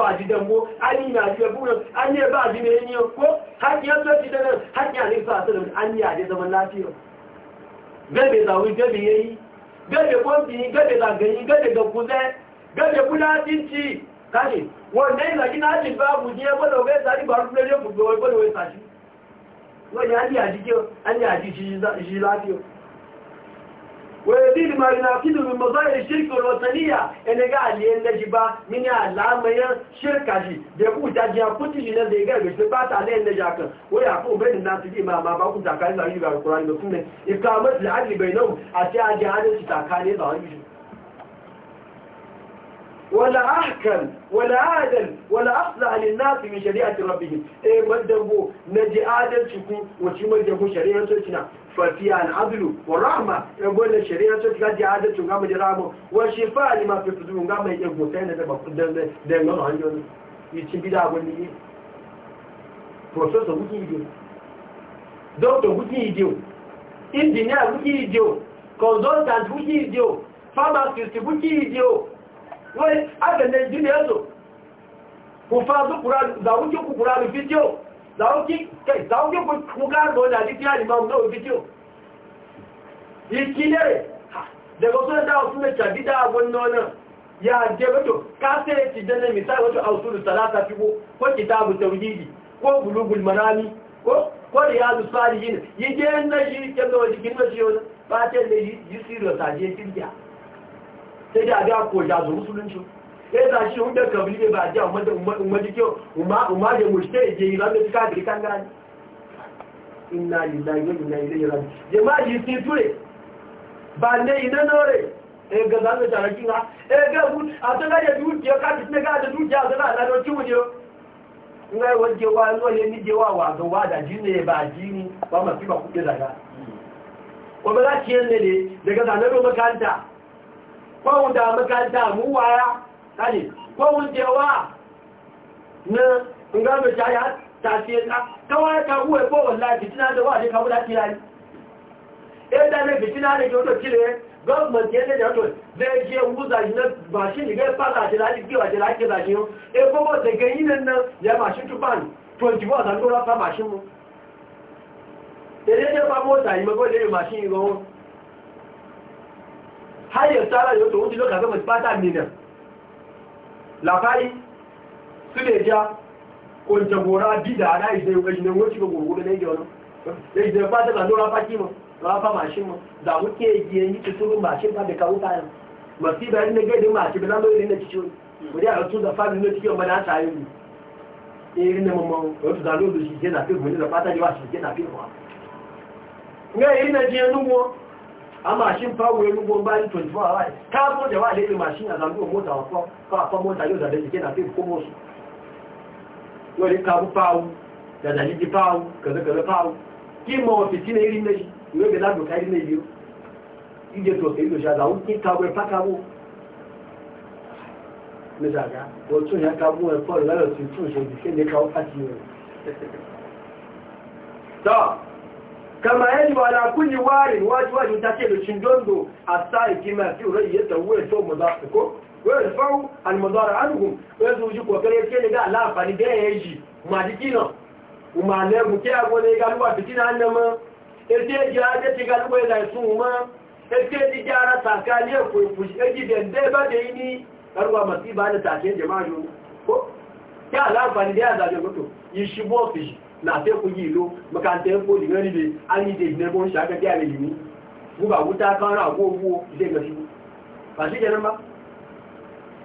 na jiya bunan an yi ba ji mai niyan ko haƙi ya zo gidanan haƙi a nufi a sanar an yi a dai zaman lafiya gabe zawi gabe yayi káyè wọ́n ní ìlàjí náà lè bá àbùjí ẹgbọ́dọ̀ ọgbẹ́ ìtàrí bá rúgbẹ́ ní òkùnkùn ọgbọ́dọ̀ ìtàjú wọ́n ni a ní àjíjẹ́ a ní àjíjì ìṣìláàdíò ويزيد ما ينافذ من مظاهر الشرك الوطنية إن قال لي إن نجبا من علامة شركة جي بيقول تاجي أقول لي نزل قال بس بات عليه إن نجاك ويعقوب بين الناس دي ما ما بقول تاكل لا يبغى القرآن مسلم إقامة العدل بينهم أشياء جهاد تاكل لا يبغى ولا أحكم ولا عادل ولا أصلح للناس من شريعة ربهم إيه مدبو نجي عادل شكو وشي مدبو شريعة سنة ففي العدل والرحمة يقول الشريعة سنة دي عادل شكو دي رحمة والشفاء لما في صدور نعمة يقول سنة دي مفضل دي نور عنيون يتشم بدا أقول لي بروفيسور وكي يديو دكتور وكي يديو انجينير وكي يديو consultant وكي يديو pharmacist وكي يديو wai aka ne jini yanzu ku fasu zawuki ku kuranu fitiyo zawuki kai zawuki ku kukar da wani ya limamu na fitiyo ikile daga suna da wasu na cabi da abun nonan ya je wato kasa ya ci dana misali wato a usulu talata fi ko kitabu tauhidi ko bulugul marami ko ko riyadu salihin yi je na shi kyan da wajen kin da shi wani ba ta da yi sai dai a ga ko da zo musulunci sai da shi wanda kabili ne ba ja umma umma dike umma umma da mujtahid je ran da ka bi kan gani inna lillahi wa inna ilaihi raji'un jama'a yi sai ture ba ne ina nore eh ga zan da tarakin ha eh ga bu a tsaka da dukiya ka bi ne ga da dukiya zan da dokin mu ne ngai wanje wa no le ni je wa wa ga wa da jini ba jini ba ma fi ba kuɗe daga ko ba za ki yanne ne daga zanen makaranta kwanwun da maka damu waya tani kwanwun jewa na ngamu jaya ta ce ta kawai ka uwe ko wallahi fitina da wa ne ka wula tilani eh da ne fitina da yoto kile government yende da to zai je wuza yi na bashin ne ga fata ce lati biwa ce lati da shi eh kuma da ga yin nan ya bashin tufan 21 da dora fa bashin mu eh ne hayar tsara yau tawon jilo kaga mai fata ne nan lafari su ne ja kunta gora bida na izai gaji nan wacce ga gurguru na yau da izai fata na nora faki ma na fa mashin ma da muke yi yi tuturu mashin fa da kawo kayan masu da yin na gaidin mashin bana mai rinna cikin wani a rutu da fadin na cikin bana ta yi ne irin na mamman wata zalo da shi ke na fi wani da fata ne ba shi ke na fi wa. Nga irin na jiya nugu a mashin fawo ya rubo bayan 24 hours ta zo da wa laifin mashin a zango mota wa fafa mota yau da da jike na fi komo su wani kabu fawo da dalili fawo kaza kaza fawo kima wa fitina irin na shi yau da labu ka irin na biyu ije to sai dosha da wuki kabu ya faka mu na zaga wato ya kabu ya fara lalata tun shi ne kawo fati yau kama yajibu ala kulli warin wajibu ta ce da shindondo a sa'i kima fi rai ya tawo ya tawo mazafi ko wai da faru almazara anhum wai su ji kokari ya ce ne ga Allah amfani da ya yi ma jiki na kuma ne mu ke ago ne ga luwa fitina annama ete ya ga ba da yini karuwa masiba da take jama'a ko ya Allah amfani da na sai ku yi lo makaranta yan koli gani ne an yi jai na gon shaka ta yare limi mu ba wuta kawara a gogo zai gashi ba shi kenan ba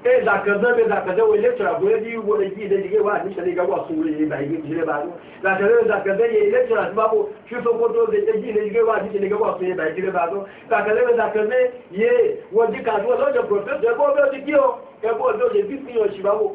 eh za ka zabe za ka zabe lecturer ko ya biyu gode ki da jige wa ni shari ga wa sun ne ba yi jire ba za ka zabe za ka zabe lecturer ba ko shi so ko to da ji ne jige wa ni shari ga wa sun ne ba yi jire ba za ka zabe za ka zabe ye wo ji ka zo lo je professor ko be ti ki o e bo do je bi ti o shi ba wo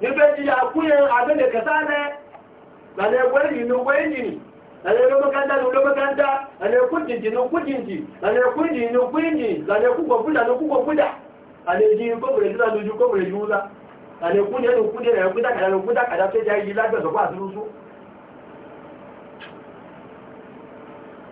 níbẹ̀ ti àkúyẹ àbẹ́lẹ̀ kẹsàánẹ́ lálẹ́ wẹ́yìn ní wẹ́yìn lálẹ́ lọ́mọ́kándá ní lọ́mọ́kándá lálẹ́ kújìjì ní kújìjì lálẹ́ kújì ní kújì lálẹ́ kúkọ̀kújà ní kúkọ̀kújà lálẹ́ jí kọ́bùrẹ̀ jùlá lójú kọ́bùrẹ̀ jùlá lálẹ́ kújẹ́ ní kújẹ́ rẹ̀ kújàkàdá ní kújàkàdá tó jẹ́ yìí lágbẹ̀sọ̀kọ́ àtúrúsú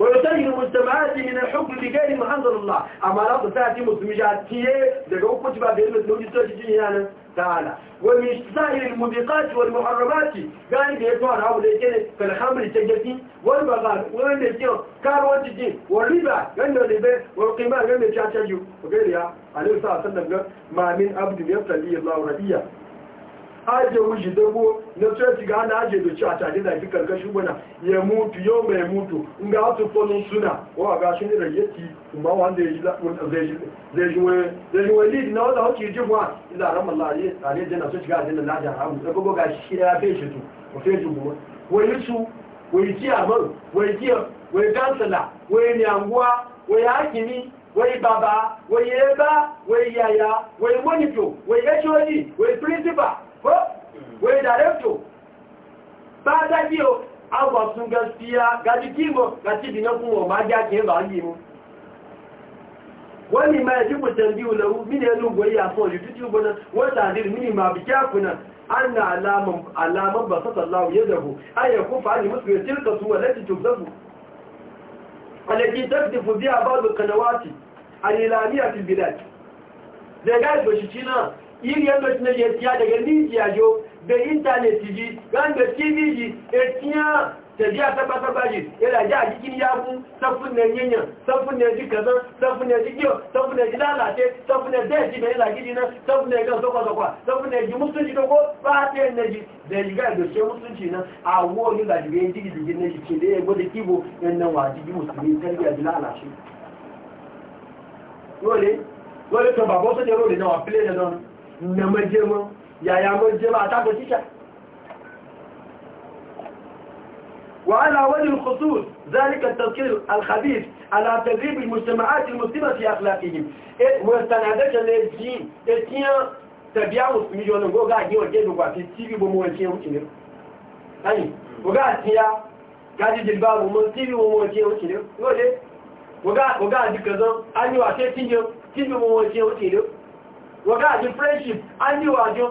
ويتهم مجتمعات من الحكم بغير ما انزل الله اما لا تساعد مسلمي جاتيه daga hukunci ba da ilmi da wuce tsoci jini yana تعالى ومن سائر المبيقات والمحرمات قال بيتوان أو ليكين إيه؟ كالخمر تجتين والبغال وين والمسيو كارو الدين والربا قالوا الربا والقمار قال لي الشاشاجو وقال يا عليه الصلاة والسلام ما من عبد يبتلي الله ربيا aje wuji dago na tsoci ga ana aje da a tare da fi karkashin bana ya mutu yau mai mutu in ga wasu tonin suna wa ga shi ne rayyaki kuma wanda ya ji zai wani lidi na wanda hauki ji kuwa ila ramar lare tsare jana tsoci ga adina lada haramu da gogo ga shi ya fe shi tu ko fe ji kuma wai su wai jiya man wai jiya wai kansala wai nyanguwa wai hakimi wai baba wai yeba wai yaya wai monito wai hod wai principal ko wai director ba ta biyo agwa sun gaskiya ga jiki mu ga cibi na kuma ma ja ke ba yi mu wani ma yaji ku tambiyu lahu min ya lungu ya so ji tuti gona wata dir mini ma bi kya kuna anna alaman alaman ba sallallahu yadahu ay kufa ali musu tilka su walati tuzabu alaki takdifu biya ba'd al-qanawati al-ilamiyya fi al-bilad da ga shi cina iri e e yadda na jesiya daga rijiya jo da intaneti ji ganda tv ji etiya ta ji a taba-taba ji yana ji a jikin yaku safin na yanyan safin na ji kazan safin na ji kiyo safin na ji lalace safin na zai ji mai lagiji na safin na gan sokwa-sokwa safin na ji musulci da ko ba ta yin na ji da yi ga gashe musulci na a wani lajibe yin jigi jigi na jikin ya gwada na wa file وعلى وجه الخصوص ذلك التفكير الخبيث على تدريب المجتمعات المسلمة في أخلاقهم مستندات الجين الجين تبيع مسلمين يقولون قاعد يوم جيد وقاعد في التي في بموالكين وكين أي وقاعد تيا قاعد جلباب ومسلمين وموالكين وكين وقاعد وقاعد ذكر ذنب أني وعشان تيجي تيجي وموالكين وكين wọ́ká àti friendship a ní ìwàjọ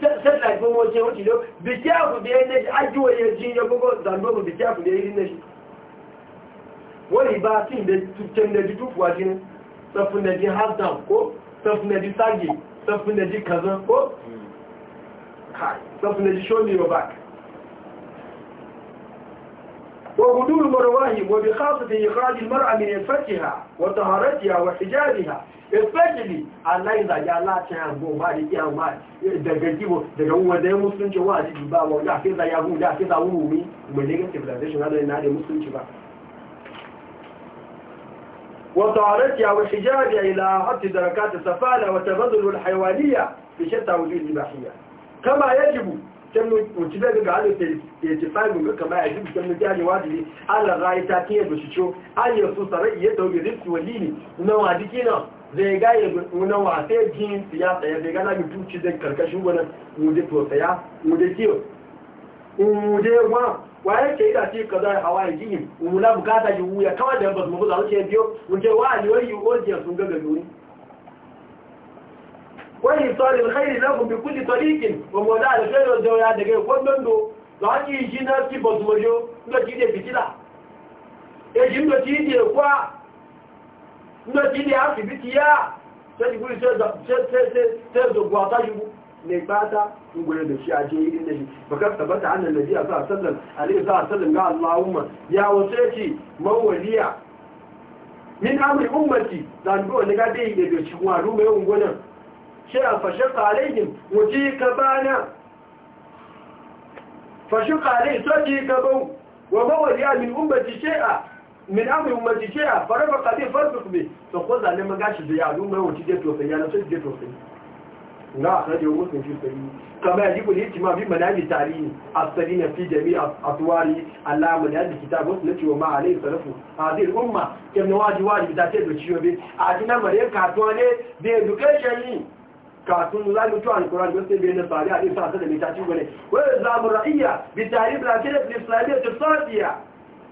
satellite gbogbo ṣe ó ti lọ bí tí a kù dé ẹnẹ́jì ajíwò yẹ jí yẹ gbogbo zandogo bí tí a kù dé ẹrí nẹ́jì wọ́n yìí bá tí ìdẹ́ tẹ́mẹ́jì tó fùwá jí sọfúnẹ́jì hasdam kó sọfúnẹ́jì sáàgì sọfúnẹ́jì kazan kó hmm. sọfúnẹ́jì show me your back وغدور مرواهم وبخاصة إخراج المرأة من إنفتها وطهارتها وحجابها especially Allah ya zagi Allah ta yango ba da kiyan ma the gibo daga uwa da ya musulunci wa ji ba wa ya fi zaya hu ya fi za hu mi mu ne ga civilization da na da musulunci ba wa ta'aratiya wa hijabiya ila hatta darakat safala wa tabadul alhayawaniyya bi shatta wujud ibahiyya kama yajibu can mutu daga ga hannu ke ci fahimu ga kama ya jibi can mutu ya jewa da ne ala rayu ta tiye da shi co an yi su sarai iya dauke riski wali ne na wa jiki na zai ga ya na wa jin siyasa ya zai ga zami tuci da karkashin wani mude to saya mude kiyo mude wa waye ke ida ce kaza ya hawa ya jini umula bukata yi wuya kawai da ba su mafi zaru ce biyo wa yi sun gaga duni wani tsari alkhairi na kun bi kulli tariqin wa mawda alkhairi ya sai ji guri sai sai sai da gwata shi ne bata in gure da shi a شيئا فشق عليهم وجيك بانا فشق عليه سجيك بو ومول يا من أمة شيئا من أمر أمة شيئا فرفق به فرفق به فقوز على ما قاش بيا الأمة وجيك توفي أنا سجيك توفي لا أخرجه مسلم في الصحيح كما يجب في بمنهج التعليم السليم في جميع أطوار الله منهج الكتاب والسنة وما عليه سلفه هذه الأمة كم نواجه واجب ذاتي بالشيوبي أعطينا مريم كاتواني بإدوكيشن katun za mu tuwa alkuran don sai bayan sari a isa ta da mai tashi gane wai za mu ra'iya bi tari brakila fil islamiyya ta safiya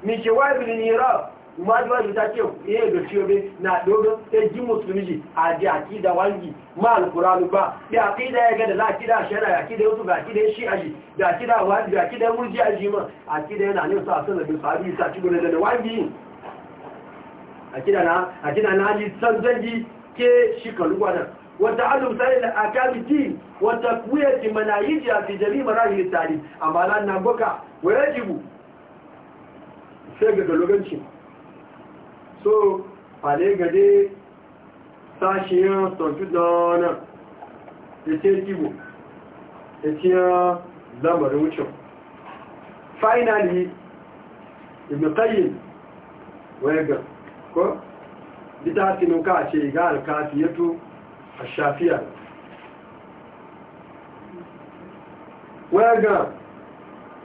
mi ke wa ibn nira ma ji wani ta ce iya da ciwo bai na dogon sai ji musulmi a ji akida wangi ma alkuran ba da akida ya ga da la akida shara ya akida wasu ga akida shi aji da akida wani da akida murji aji ma akida yana ne sa sanar da sabi sa ci gane da wangi akida na akida na ji وتعلم سائر الأحكام الدين وتقوية مناهجها في جميع مراحل التعليم أما لا نبقى ويجب سيجد لغنشي so fale gade sashiyan sauki dana ya ce kibo ya ce lamarin wucin finally ibn qayyim waya ko ce الشافية وقال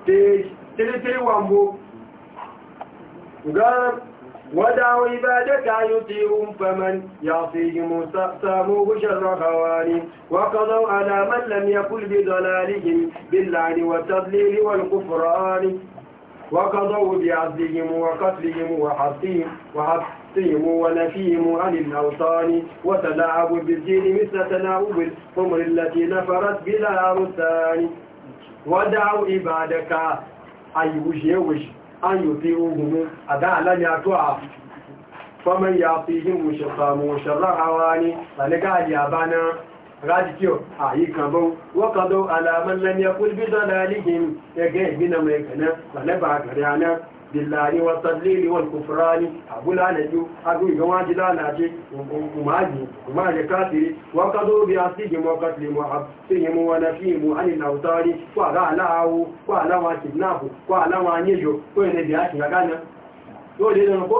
page وامبو قال ودعوا عبادك يطيعهم فمن يعصيهم ساموه شر خواني وقضوا على من لم يقل بضلالهم باللعن والتضليل والكفران وقضوا بعزهم وقتلهم وحصهم وحصهم ونفيهم عن الأوطان وتلاعبوا بالدين مثل تلاعب الحمر التي نفرت بلا أرسان ودعوا عبادك أن وجه أن يطيعوهم أدع لن يعطوا فمن يعطيهم شقام وشر عواني فلقى اليابانا rádi kí o àyí kan bó wọ́kàndó alamọ́lẹ́ni ẹkùn bí dọ́là alìhìn ẹgẹ́ ìgbìnà mẹ́kànnà pàlẹ́bà gàrí aná bìláàrí wọn sọ́dílé wọn kò fúra ní àbúlá lẹ́jú agbóhùn ìgbọ́n wájú láàájí kùmáàjì kùmáàjì káàkiri wọn na fíìmù ànìlà òtọ́rí kó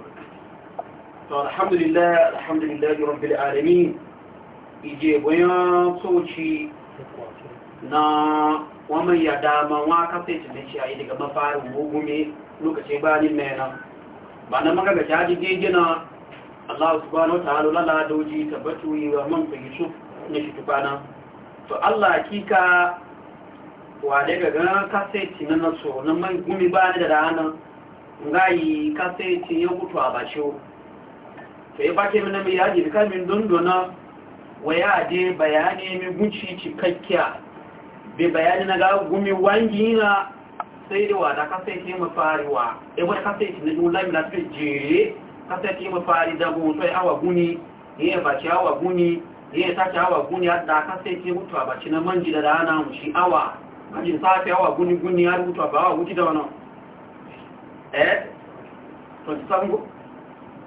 الحمد لله الحمد لله رب العالمين ije goyon soci na waman ya dama wa kasai cikin shi a yi daga mafarin gugume lokacin bayanin mai nan ba na magaga jaji gegina Allah subhanahu wa ta'ala la doji tabbatu yi wa man fi yusuf ne shi tukana to Allah kika wa daga ga kasai na so na man gumi ba ni da ranar ngayi kasai ya kutu a bashiyo to ya bakin min mai yaji kan min dondona waya je bayani mi guci cikakkiya bai bayani na ga gumi wangi na sai da wada ka sai ke mafariwa e wata ka sai na jula mi lafi jere ka sai ke mafari da go sai awa guni ya e, ba ci awa guni ya e, ta ci awa guni har da ka sai ke mutu a ci na manji da rana mu shi awa manji safi awa guni guni har mutuwa ba awa guci da wannan eh to tsango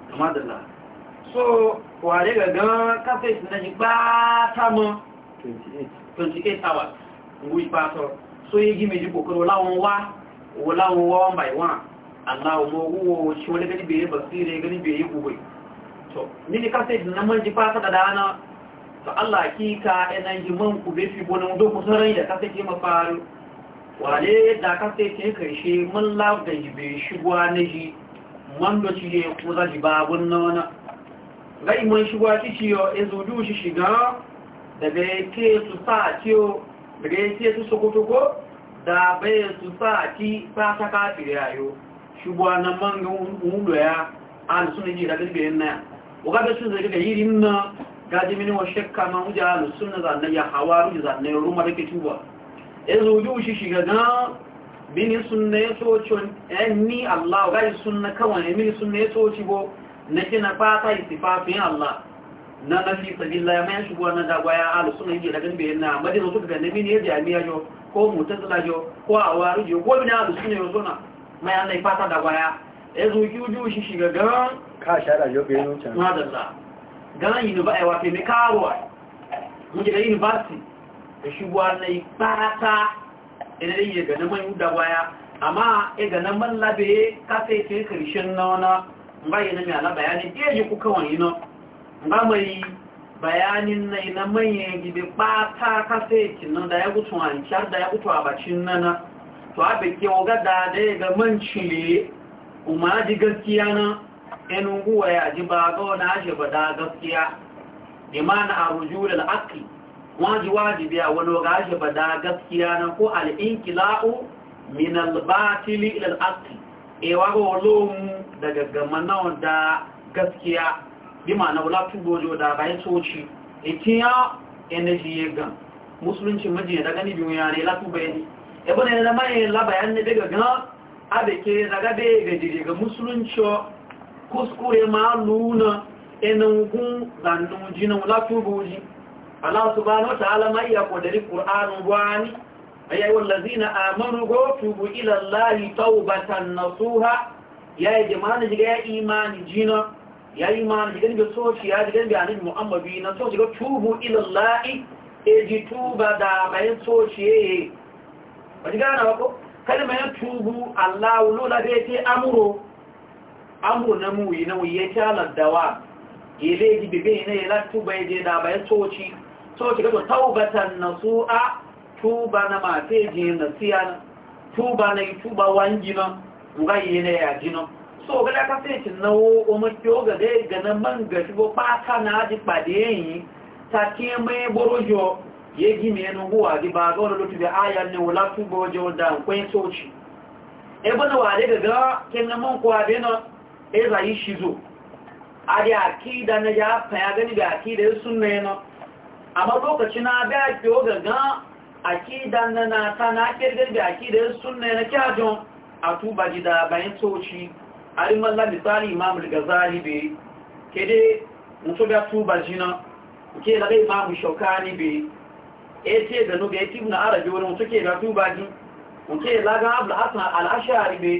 kamar da Allah so wàrí gẹ̀gán káfíìsì náà ní pátámọ́ 28 hours ìwú ipá sọ so yí gí méjì kòkòrò láwọn wá owó láwọn wá one by one aláwọ̀ owó ṣe wọlé gẹ́ni bèèrè bọ̀ sí rẹ̀ gẹ́ni bèèrè gbogbo so nínú káfíìsì náà mọ́ jí pátá da dáná Allah kíka ẹna jí mọ́ kù bẹ́ fi bọ́ náà dókun sọ́rọ̀ yìí da káfíìsì ma faru wàlé da káfíìsì karshe mun lafi da ji bai shigowa na ji man da ci ne ko ga iman shigo shi yo ezudu shi shiga daga yake su sa ciyo daga yake su sokotoko da bai su sa ki sa ta kafir yayo shigo man ga umudo ya an suna ji daga yin naya? o ga da sun daga ga yirin na ga jimini wa shakka ma uja al sunna da na ya hawaru da na ruma da ke tuba ezudu shi shiga na? mini sunna ya tocin ni allah ga sunna kawai mini sunna ya toci bo na kina fata istifafin Allah na nafi sabilla mai shigo na ya alu suna yi daga bayan na madina suka ga nabi ne jami'a yo ko mutazila yo ko awari yo ko bin alu suna yo suna mai Allah fata dagwaya ya zo juju shi shiga ga ka shara yo bayan wancan madalla ga yi ba ai wafe mai karuwa mun ga university da shigo na fata ina yi ga na mai dagwaya amma ga na mallabe kafe sai karshen na bayi na mai ala bayani ɗaya ji kuka na bayanin na ina manyan gidi ɓata kasaitin nan da ya gutu a da ya gutu a bacin nana to abin ke waga da da ya ga man cile umar ji gaskiya na yan guwa ya ji ba ga wani ashe ba da gaskiya imana a ruju da la'akli waji wajibi a wani ga ashe ba da gaskiya na ko al'inkila'u min albatili ila akli ewa ga walomu daga gaman nawa da gaskiya bima na wula tubojo da bayan soci itiya energy ya ga musulunci majiya daga ni biyu yare latu bayani ebe ne na mai labayan ne daga gan abeke daga bai ga jiri ga musulunci kuskure ma luna enugun zandun jinan wula tuboji Allah subhanahu wa ta'ala mai ya kodari Qur'anun gwani ayi wallazina amanu go tubu ila allahi taubatan nasuha ya yi jama'a jiga ya imani jina ya yi imani jiga ni be soci ya jiga ni be annabi muhammadu na soci go tubu ila e ji tuba da bayan soci e, e. ba jiga na wako kalma ya tubu Allah? lola da yake amuro amuro na muyi na wuyi ya kyala dawa ile ji bebe ne ya la tuba ya je da bayan soci soci ga taubatan nasuha tuba na mate jin na siya na tuba na tuba wangina nga yene ya jino so ga ka se tin na wo o mo kyo ga de ga na man ga ti bo pa ka na di pade yin ta ti me borojo ye gi me no wo adi ba ga lo ti be aya ne wala tu bo jo da kwen so chi e bo na wa de ga ken na mon ko ade na e za yi shizo ade akida na ya pa ga ni ga akida sunne no amma lokacin na ga kyo ga ga akidan na na ta na kirgar da akidar sunna na kyajon a tuba gida bayan tsoci a rimalla misali imam al-gazali be ke dai mutu da tuba jina ke da rai imam shaukani be e ce da nuga ya e tibna arabi wani mutu ke ga tuba ji muke lagan abu al'asan al'ashari be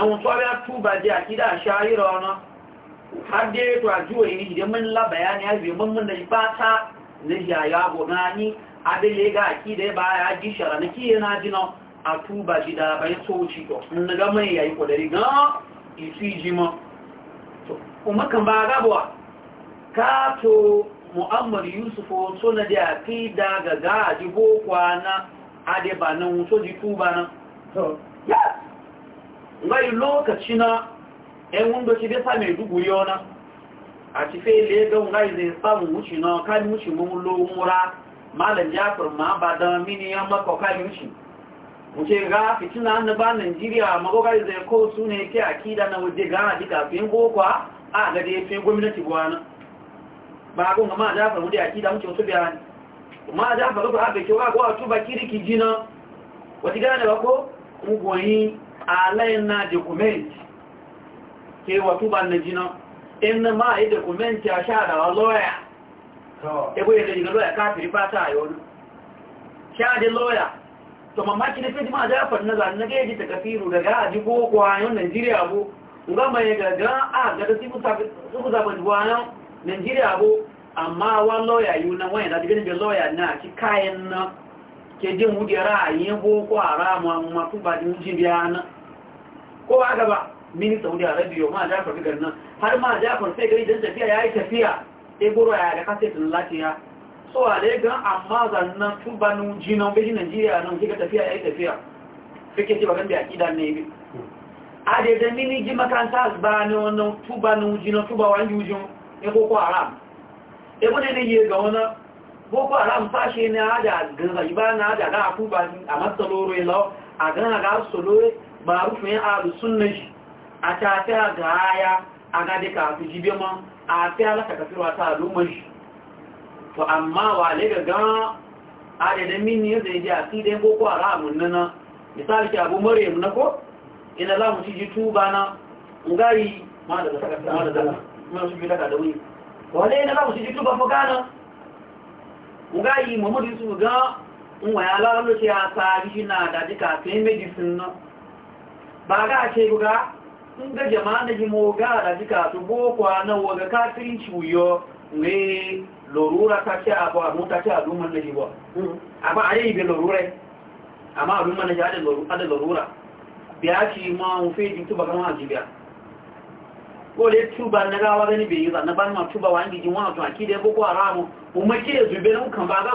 na mutu da tuba ji akida a shahira wani har dai to a juwa yi idan mun la bayani ya zai mun mun da ba ta na yaya gona ni abin ya ga aki da ya baya ji shara na kiye na jina a tuba ji da bai soci to in ga mai yayi kodari ga isi ji ma to kuma kan ba gabuwa ka to mu'ammar yusuf so na da aki da ga ga ji bokwa na ade ba nan so ji tuba na to ya ngai lokaci na en wundo ci da sa mai dugu yona a ci fe le ga ngai zai samu wuci na kan wuci mun lo mura malam jafar ma ba da mini maka kokarin shi ga fitina na ba magogari zai ko su ne ke akida na waje ga haɗi kafin gokwa a ga da gwamnati gwana ba gun ga ma jafar wuce akida wuce wasu bayani ma jafar rufe abin kyau ga kowa tuba kiriki jina wata ba ko ugwani na document ke wa na jina in ma yi ya sha ẹgbó ilẹ̀ ìgbẹ̀ lọ́yà káàkiri bá ta àyọrú ṣáàdé lọ́yà to mamaki na fiti ma da fadin na zanen ga yaji ta kafiru daga aji ko kwayon najeriya bu nga mai gaga a gada su kusa kwayon najeriya bu amma wa lọ́yà yìí na wọ́n yà láti gẹ́nìbẹ̀ lọ́yà náà kí káyẹn náà kéde wúdi ra'ayin boko haram amma su ba da wuji biya na ko ba gaba mini saudi arabia ma jafar garin nan har ma jafar sai gari don tafiya ya yi eboro ya a dai gan amma zannan tun nan tafiya ya tafiya fike ce a da mini ji makanta ba ne wannan tun ba nun jinan tun ba ya yi ga wani boko haram a da gaza ba na da ga aku a matsaloro ya lau a gana ga solo ba rufin a sunna shi a tafiya ga haya a ga dika ku a sai halaka kafirwa ta al'ummar shi to amma wa ne ga gan adadin mini yadda ya ji a si dai boko haramun nana misali ki abu mare na ko ina za mu ci ji tuba na ngari ma da saka ma da zaka mun su bi daga da wani wale ina za mu ci ji tuba fa gana ngari muhammadu yusuf ga in wa ya lalo ya sa na da dika kai medicine na ba ga ce ga nga jama'a hmm. na ji da jika kasu boko na waga kafirin ciwuyo ne lorura ta ce abu a mota ce a duman na jiwa amma a yi bi lorura amma a duman na ji ada lorura biya ci ma mufe ji tuba kama ji biya ko le tuba na gawa gani bai yi zan na ban ma tuba wa wani tun aki da boko haramu ke na kan ba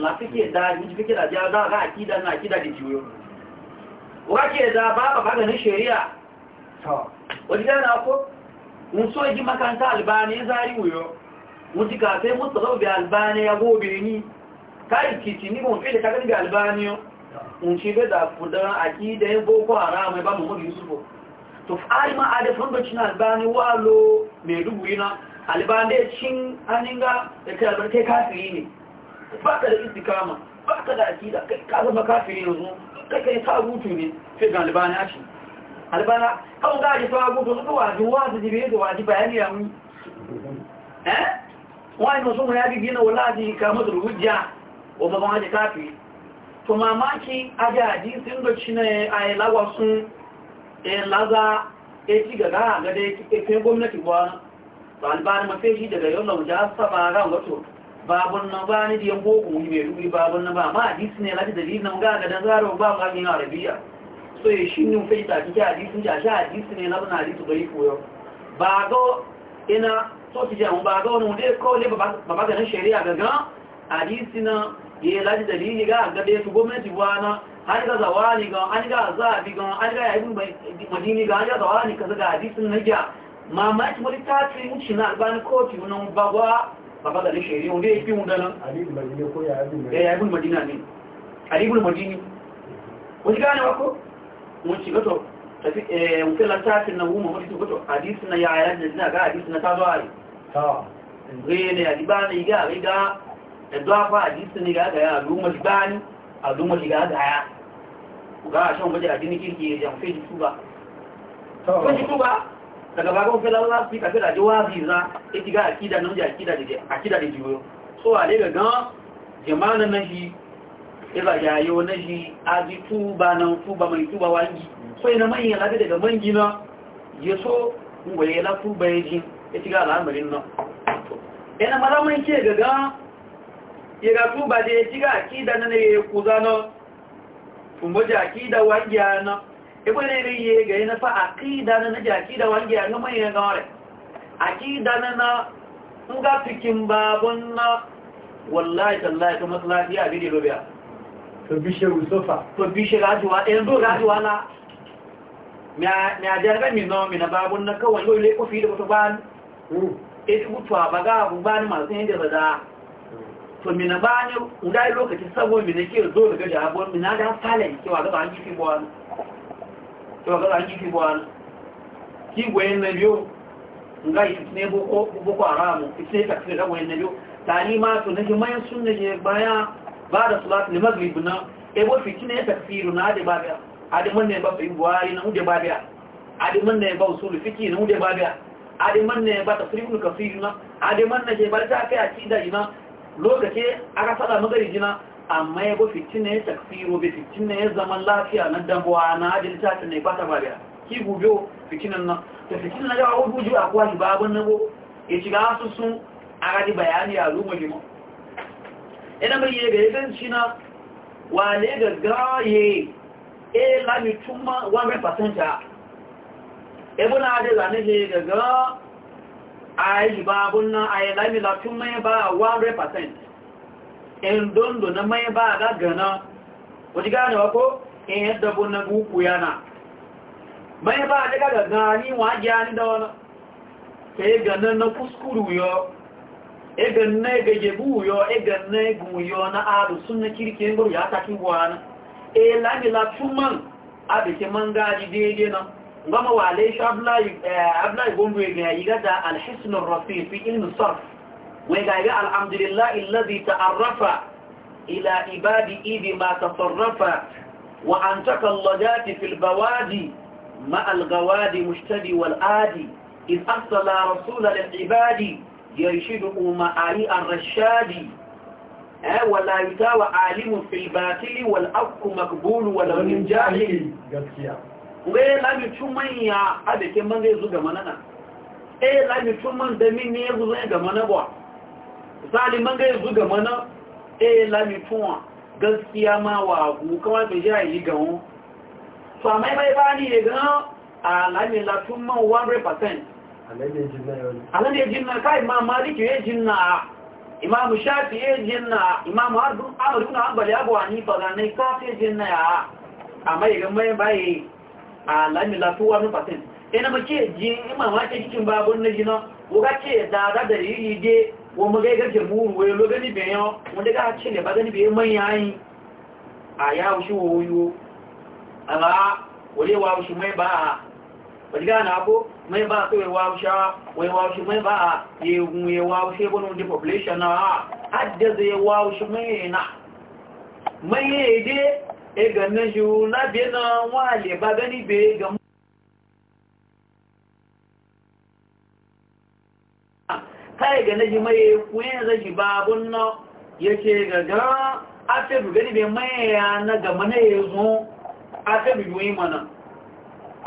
na ji ja da ga aki da na aki da ji wake za ba ba maganin shari'a wani yana ko mun so yi makanta albani ya zari wuyo mun ka sai mun tsaro bi albani ya gobe ni kai kici ni mun da ka bi albani yo mun ci da da kudan akida yin boko haram ba mu su ko to fa'ari ma ada fondo cin albani walo me dubu ina albani cin aninga da kai albarkai kafiri ne ba ka da istikama ba ka da akida kai ka zama kafiri yanzu kaka ya tagutu ne fi ga albana shi albana kawo ga ji tagutu suka waji wasu jibe ga waji bayani ya mu eh wani musu ya bi gina wulaji ka musu hujja o ba ma ji kafi to mamaki ajaji sun da shi ne a yi lawa sun e laza e ci gaga ga da ya fi gwamnati ba albana mafi shi daga yau lauja saba ran wato babun nan ba ni diyan boko ni mai ruwi babun nan ba ma hadisi ne da dalilin nan ga gadan zaro ba ga ni arabiya so ya shin ne faita kike hadisin ja sha hadisi ne labin hadisi bai koyo ba ga ina so ti jan ba ga wani dai ko le ba ba ga shari'a ga ga hadisi na ya da dalili ga ga dai su gwamnati buwana har ga zawani ga an ga bi ga an ga yayin madini ga an ga zawani kaza ga hadisin na ja mamaki ta tafi mucina albani kotu nan bagwa bàbá lè ṣe rí orí ìpín mú dáná àríbùn madina ní àríbùn madini wọ́n ti gane wako wọ́n ti gato tafi ẹ̀wọ̀n eh, fẹ́ lantarki na wọ́n mafi gato àdísì na yà ayá jẹ́ ga àdísì na tazọ́ àrí rẹ̀ àdíbá na igá àrígá ẹ̀dọ́ afá àdísì na gàgà ya àdúmọ̀ ti gbáni àdúmọ̀ ti gàgà ya ga àṣọ daga baka kun fela la fi ka fela je wa visa e ti ga akida nan je akida de akida de jiwo so ale ga gan jama'a nan shi e ba ya yo nan shi aji tuba nan tuba mai tuba wangi so ina mai yana daga mangi na je so mu waye la tuba yaji e ti ga al'amarin nan ina mara mai ke ga gan ya ga tuba de ti ga akida nan ne ku zano kun boje akida wangi na ibere ri ye ga ina fa aqida na na jakida wangi ya ngama ya ngare aqida na na nga fikin babun na wallahi tallahi to maslahi ya bi do to bishe usofa to bishe rajuwa en do rajuwa la me a jarga mi no mi na babun na kawai lo ile kofi da ban hmm. e mutuwa ba ga bu ban masu yanda ba da to mi na ni, ngai lokaci sabo mi ne ke zo daga jabon mi na da fala ke wa ga ban kifi bo ìwọ̀kọ́lá kí fi bọ́ àná kí gwayen na biyu nga ne boko haramu isne tafsir da gwayen na biyu talima to nake mayan sunna ne baya ba da salat ne maghrib na e bo fitne tafsiru na da babia adi man ne ba fi buhari na ude babia adi man ne ba usul fiqi na ude babia adi man ne ba tafsirul kafir na adi man ne ba ta kai a ci da ina lokaci aka sala maghrib na amma ya cin ne ya takfiro bai ne ya zaman lafiya na damuwa na ajin ta ne ba ta biya. ki gubo fitinan nan ta fitina ga wa buju a kwashi babun nabo ya shiga su sun araji bayani a zuwa jima ina bai yi ga yakan shi na wale ga gaye e eh, lami tuma 100% ebo na ade zane a ga ga ai nan a yi lami la tuma ba 100% ndondo na maye ba ga gana wani gane wako in yadda bu na guku yana mai ba daga ga gani waje ni da wani sai e ganin na kuskuru yo e ganna e ga jebu yo e ganna e gun yo na aru sunna kirkin buru ya ta kin gwana e la ni la tuman abike manga di de na ngama wale shabla eh, abla gundu ga yiga da alhisn arrafi fi ilm sarf ويقال الحمد لله الذي تعرف إلى عبادي بما تصرف وأنتك اللجات في البوادي مع الغواد مشتدي والآدي إذ أرسل رسول للعباد يرشده معالي الرشاد ولا يتاوى عالم في الباطل والأفق مقبول ولا من جاهل wai لا cuman يا أبي man zai zu ga manana eh lami cuman da min ne misali man ga yanzu ga mana eh lami fuwa gaskiya ma wa ku kawai bai jira yi ga won so amai mai ba ni ne ga a lami la tun man 100% alade jinna kai ma maliki ya jinna imamu shafi ya jinna imamu amur suna ambali abu wani faganai kafi ya jinna ya amai ga mai baye a lami la tun 100% ina mace jin imama ce cikin babun na jina ko ga ce da da dalili dai wọ́n mọ́ gẹ́gẹ́ jẹ múrù wẹ́ ló gẹ́ níbẹ̀ yán wọ́n dẹ́gá chílẹ̀ bá gẹ́ níbẹ̀ mẹ́yìn ayin àyá oṣù oyo àbá oléwà oṣù mẹ́bà ọ̀dígá ànábó mẹ́bà tó ẹwà oṣà wẹ́wà oṣù mẹ́bà yegun ẹwà oṣù ẹgbọ́nù depopulation náà àjẹ́zẹ̀ ẹwà oṣù mẹ́yìn náà mẹ́yìn èdè ẹgbẹ̀mẹ́ṣù lábẹ́ náà wọ́n àlè bá gẹ́ níbẹ̀ gẹ́mú kai ga naji mai kuyen zaji babun na yake gaga ake gani bai mai ya na gama na ya zo ake biyoyi mana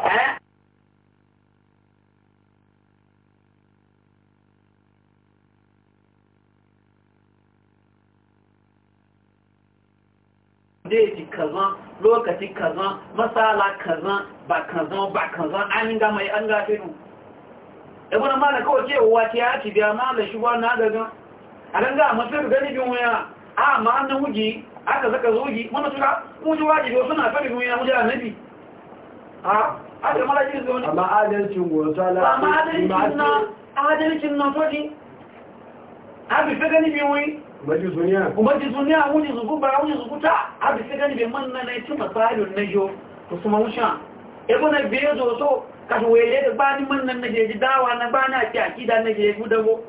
eh? deji kazan lokaci kazan masala kazan ba kazan ba kazan an ga mai an gafe nu ibn malik ko ce wa ti ya ti biya ma la shugwa na daga anan ga masu gani bin waya a ma an wuji aka saka zuji mun tuka mun ji wajibi suna fari bin waya mun ji annabi a aka mala ji zo amma adalcin gozala amma adalcin na adalcin na fadi abi fe gani bi waya umarci duniya umarci duniya wuji zugu ba wuji zugu ta abi fe gani bi man na ne ci masalun na jo to kuma musha ibn biyo zo so kashuwele da ba ni man nan na jeji dawa na ba na ake akida na je gudago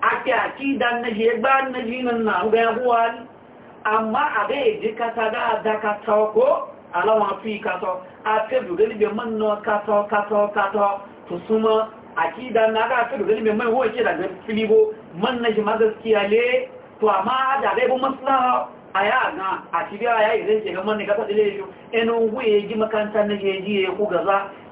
ake akida na je ba na ji nan na ga yahuwa ni amma a ga eji kata ga da kata ko alawa fi kata a ce duga ni bai man na kata kata kata to suma akida na ga ce duga ni bai mai huwa ke daga filibo man na shi ma gaskiya le to amma da ga ibu maslaha aya na a cibiya ya yi zai shiga manni kasa da laifin enon guye ji makanta na jeji ya ku gaza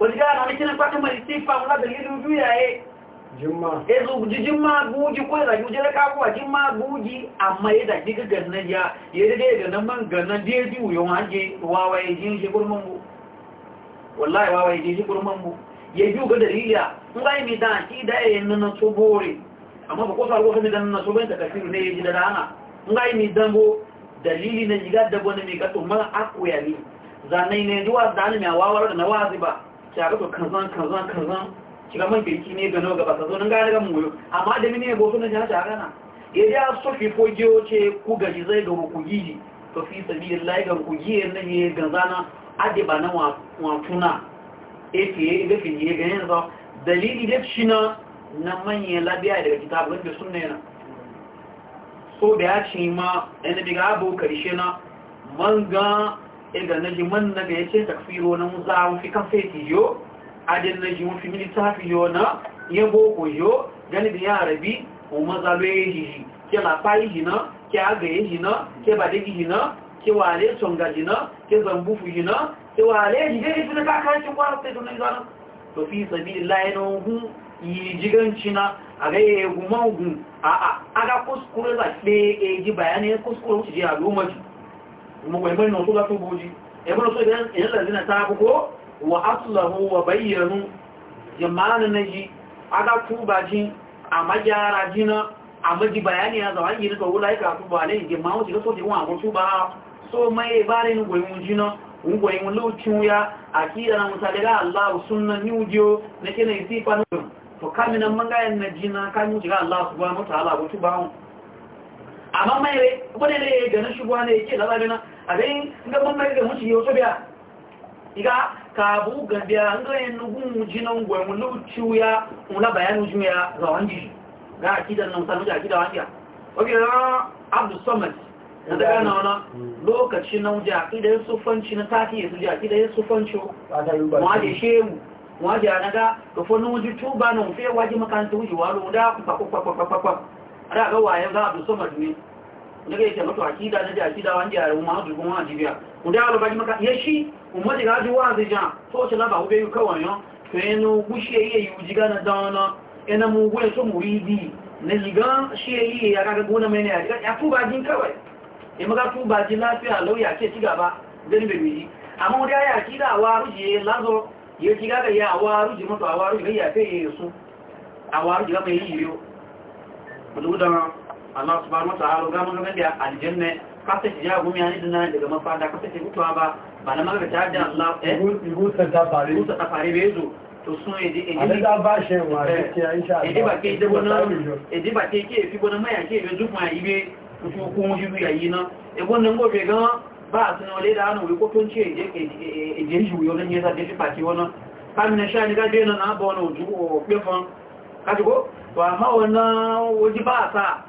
kulingana na wengine kwa kama istifa mlaza yenu juu ya eh juma ezo jijima buji ko da yujere ka ko jima buji amma yada diga gana ya yede de ganna man ganna de di uyo haje wawa yiji shi kurman bu wallahi wawa yiji shi kurman bu ye ju ga dalila ngai mi da ti da e nan to bore amma ba ko sa ko mi dan na so ben ta kafiru ne yiji da dana ngai mi dan bo dalili na jiga da bo ne mi ka to ma akuya ni ne duwa dan mi awawar da nawazi ba ki a rufe kazan kazan kazan man birki ne gano gaba ka zo nan gane ga mu amma da mini ne mine na sunan jihar ta gana ya ja so fi fogiyo ce ku gaji zai ga ku giji to fi sabilillahi ga ku giye nan ne ganzana ade ba nan wa tuna e fi da fi ne ga yanzu dalili da shi na nan manye labiya daga kitabun da sunna yana so da ya ce ma yana ga abu karshe na manga inda naji man naga yace takfiro na musa fi kan feti yo adin naji mun fi militafi yo na yabo boko yo gani da yarabi o mazalo yi ke la pai hina ke aga hina ke badegi na ke wale songa na ke zambufu hina ke wale jige ne ka kai shi kwa sai dunan zan to fi sabilillahi no hu yi na a ga ya yi gumagun a aga kuskure za ɗaya ji bayanin kuskure wuce ji a lomaci ẹgbẹ́ náà tó bá tó bójí ẹgbẹ́ náà tó ìyẹn lẹ́sìn náà táa kókó wà átùlàhù wà bayyanu jama'an na ji aga tuba ji a majara ji na a bayani ya zama yi nika wula ika tuba ne jama'an su ga soke wọn so mai bare ni gwayin ji na gwayin lokacin ya a kira na misali ga allahu sunna ni ujiyo na isi fanu to kaminan mangayen na ji na kamin ji ga allahu amma mai rai wani ne ya ganin shi wani ya ke labarai na a gani gaban da mutu yau biya iga ka bu ga biya an ga yin nugun jinan gwai mu lucu ya mula bayanu ji ya ga wanji ga akidan nan sanu da akida wanji oke na abdu samad na daga na wana lokacin na wuce akidan sufanci na tafi ya suje akidan sufanci ma da shehu ma da na ga ka tuba na fe waje walo da da ga wayan za a dusa maduwe daga yake mutu akida na da akida wanda ya rumu hadu kuma a jibiya ku da albaji maka ya shi umma daga ji wa zai jan to ce laba ube yu kawai yo to yenu gushi yayi yu jiga na dawana ina mu gure na jiga shi yayi ya ba jin kawai in maka akida wa ruje lazo ya jiga ga ya wa ruje mutu wa ruje ya bududan Allah subhanahu wataala ga mun da aljanna ka ta jiya gumi ani dinan daga mafada ka ta mutuwa ba ba na magana ta da Allah eh gusa ta fare gusa ta fare bezo to sun edi edi da ba she wa ke insha Allah e bona ngo be ga ba sun wale da anu ko tun ce je je ju yo ne ya da ji pati wona kamina sha to amma wannan waje ba sa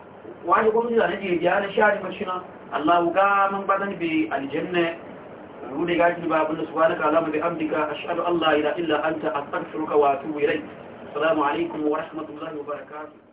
waje gwamnati da nake biya na shari na Allah ga man badan bi aljanna ga gaji ba abin da subhanaka allahumma bi amdika ashhadu an la ilaha illa anta astaghfiruka wa atubu ilayk assalamu alaikum wa rahmatullahi wa barakatuh